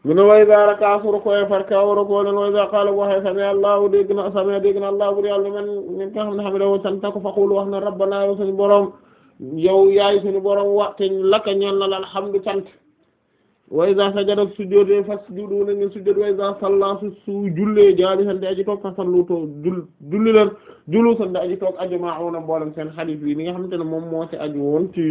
mu ne way daara kaafu rukkooy farka wa rukkoo leen way daa bu waxee sami allahu dégg na sami dégg na allah bu yàlla man ni nga ne xam ne dafa sant ko wax na rabbana yow suñu borom yow yaay suñu borom wa te laka ñeel na la alhamdu sant wa iza sajada sujjóotee fa sujjóotu na ngeen sujjóot wa iza salla su jullee jaalisan di aji toog fa sallu to jul julli leen julusan di aji toog ajma'una mboolem seen hadith yi li nga xamante ne moom moo ci aju woon ci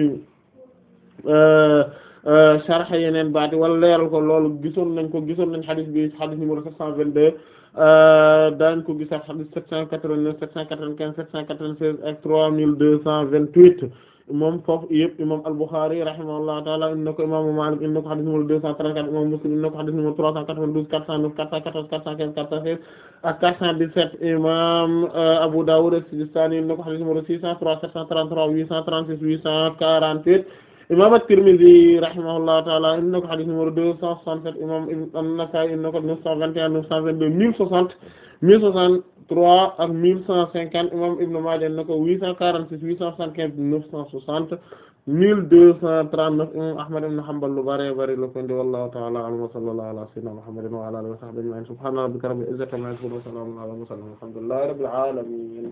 euh, euh, sharh baat baati wala leeral ko loolu gisoon nañ ko gisoon nañ hadith bi hadith numéro 722 euh, daañ ko gisaat hadith 789 795 796 ak 3228 moom foofu yëpp imam al-Bukhari rahimahullahu taala indi na ko imaamu Maalik indi na ko xadis numéro 234 imam Muslim indi na ko xadis numéro 392 409 414 415 416 ak 417 imam euh, Abu Dawud as-Sijistani indi na ko xadis numéro 603 733 836 848 imam at-Tirmidhi rahimahullahu taala indi na ko xadis numéro 267 imam an-Nasa'i indi na ko 921 922 1060 1063 ak 1150 imam Ibn Maaja na ko 846 875 960 1239 imam Ahmad ibn Hanbal lu bare bare la ko ndi wallahu ta'ala a'lam wa sallallahu ala sayyidina Muhammadin wa ala alihi wa sahbihi ajma'in subhana rabbika rabbil izzati amma yasifun wa salamun ala mursalin walhamdulillahi rabbil alamin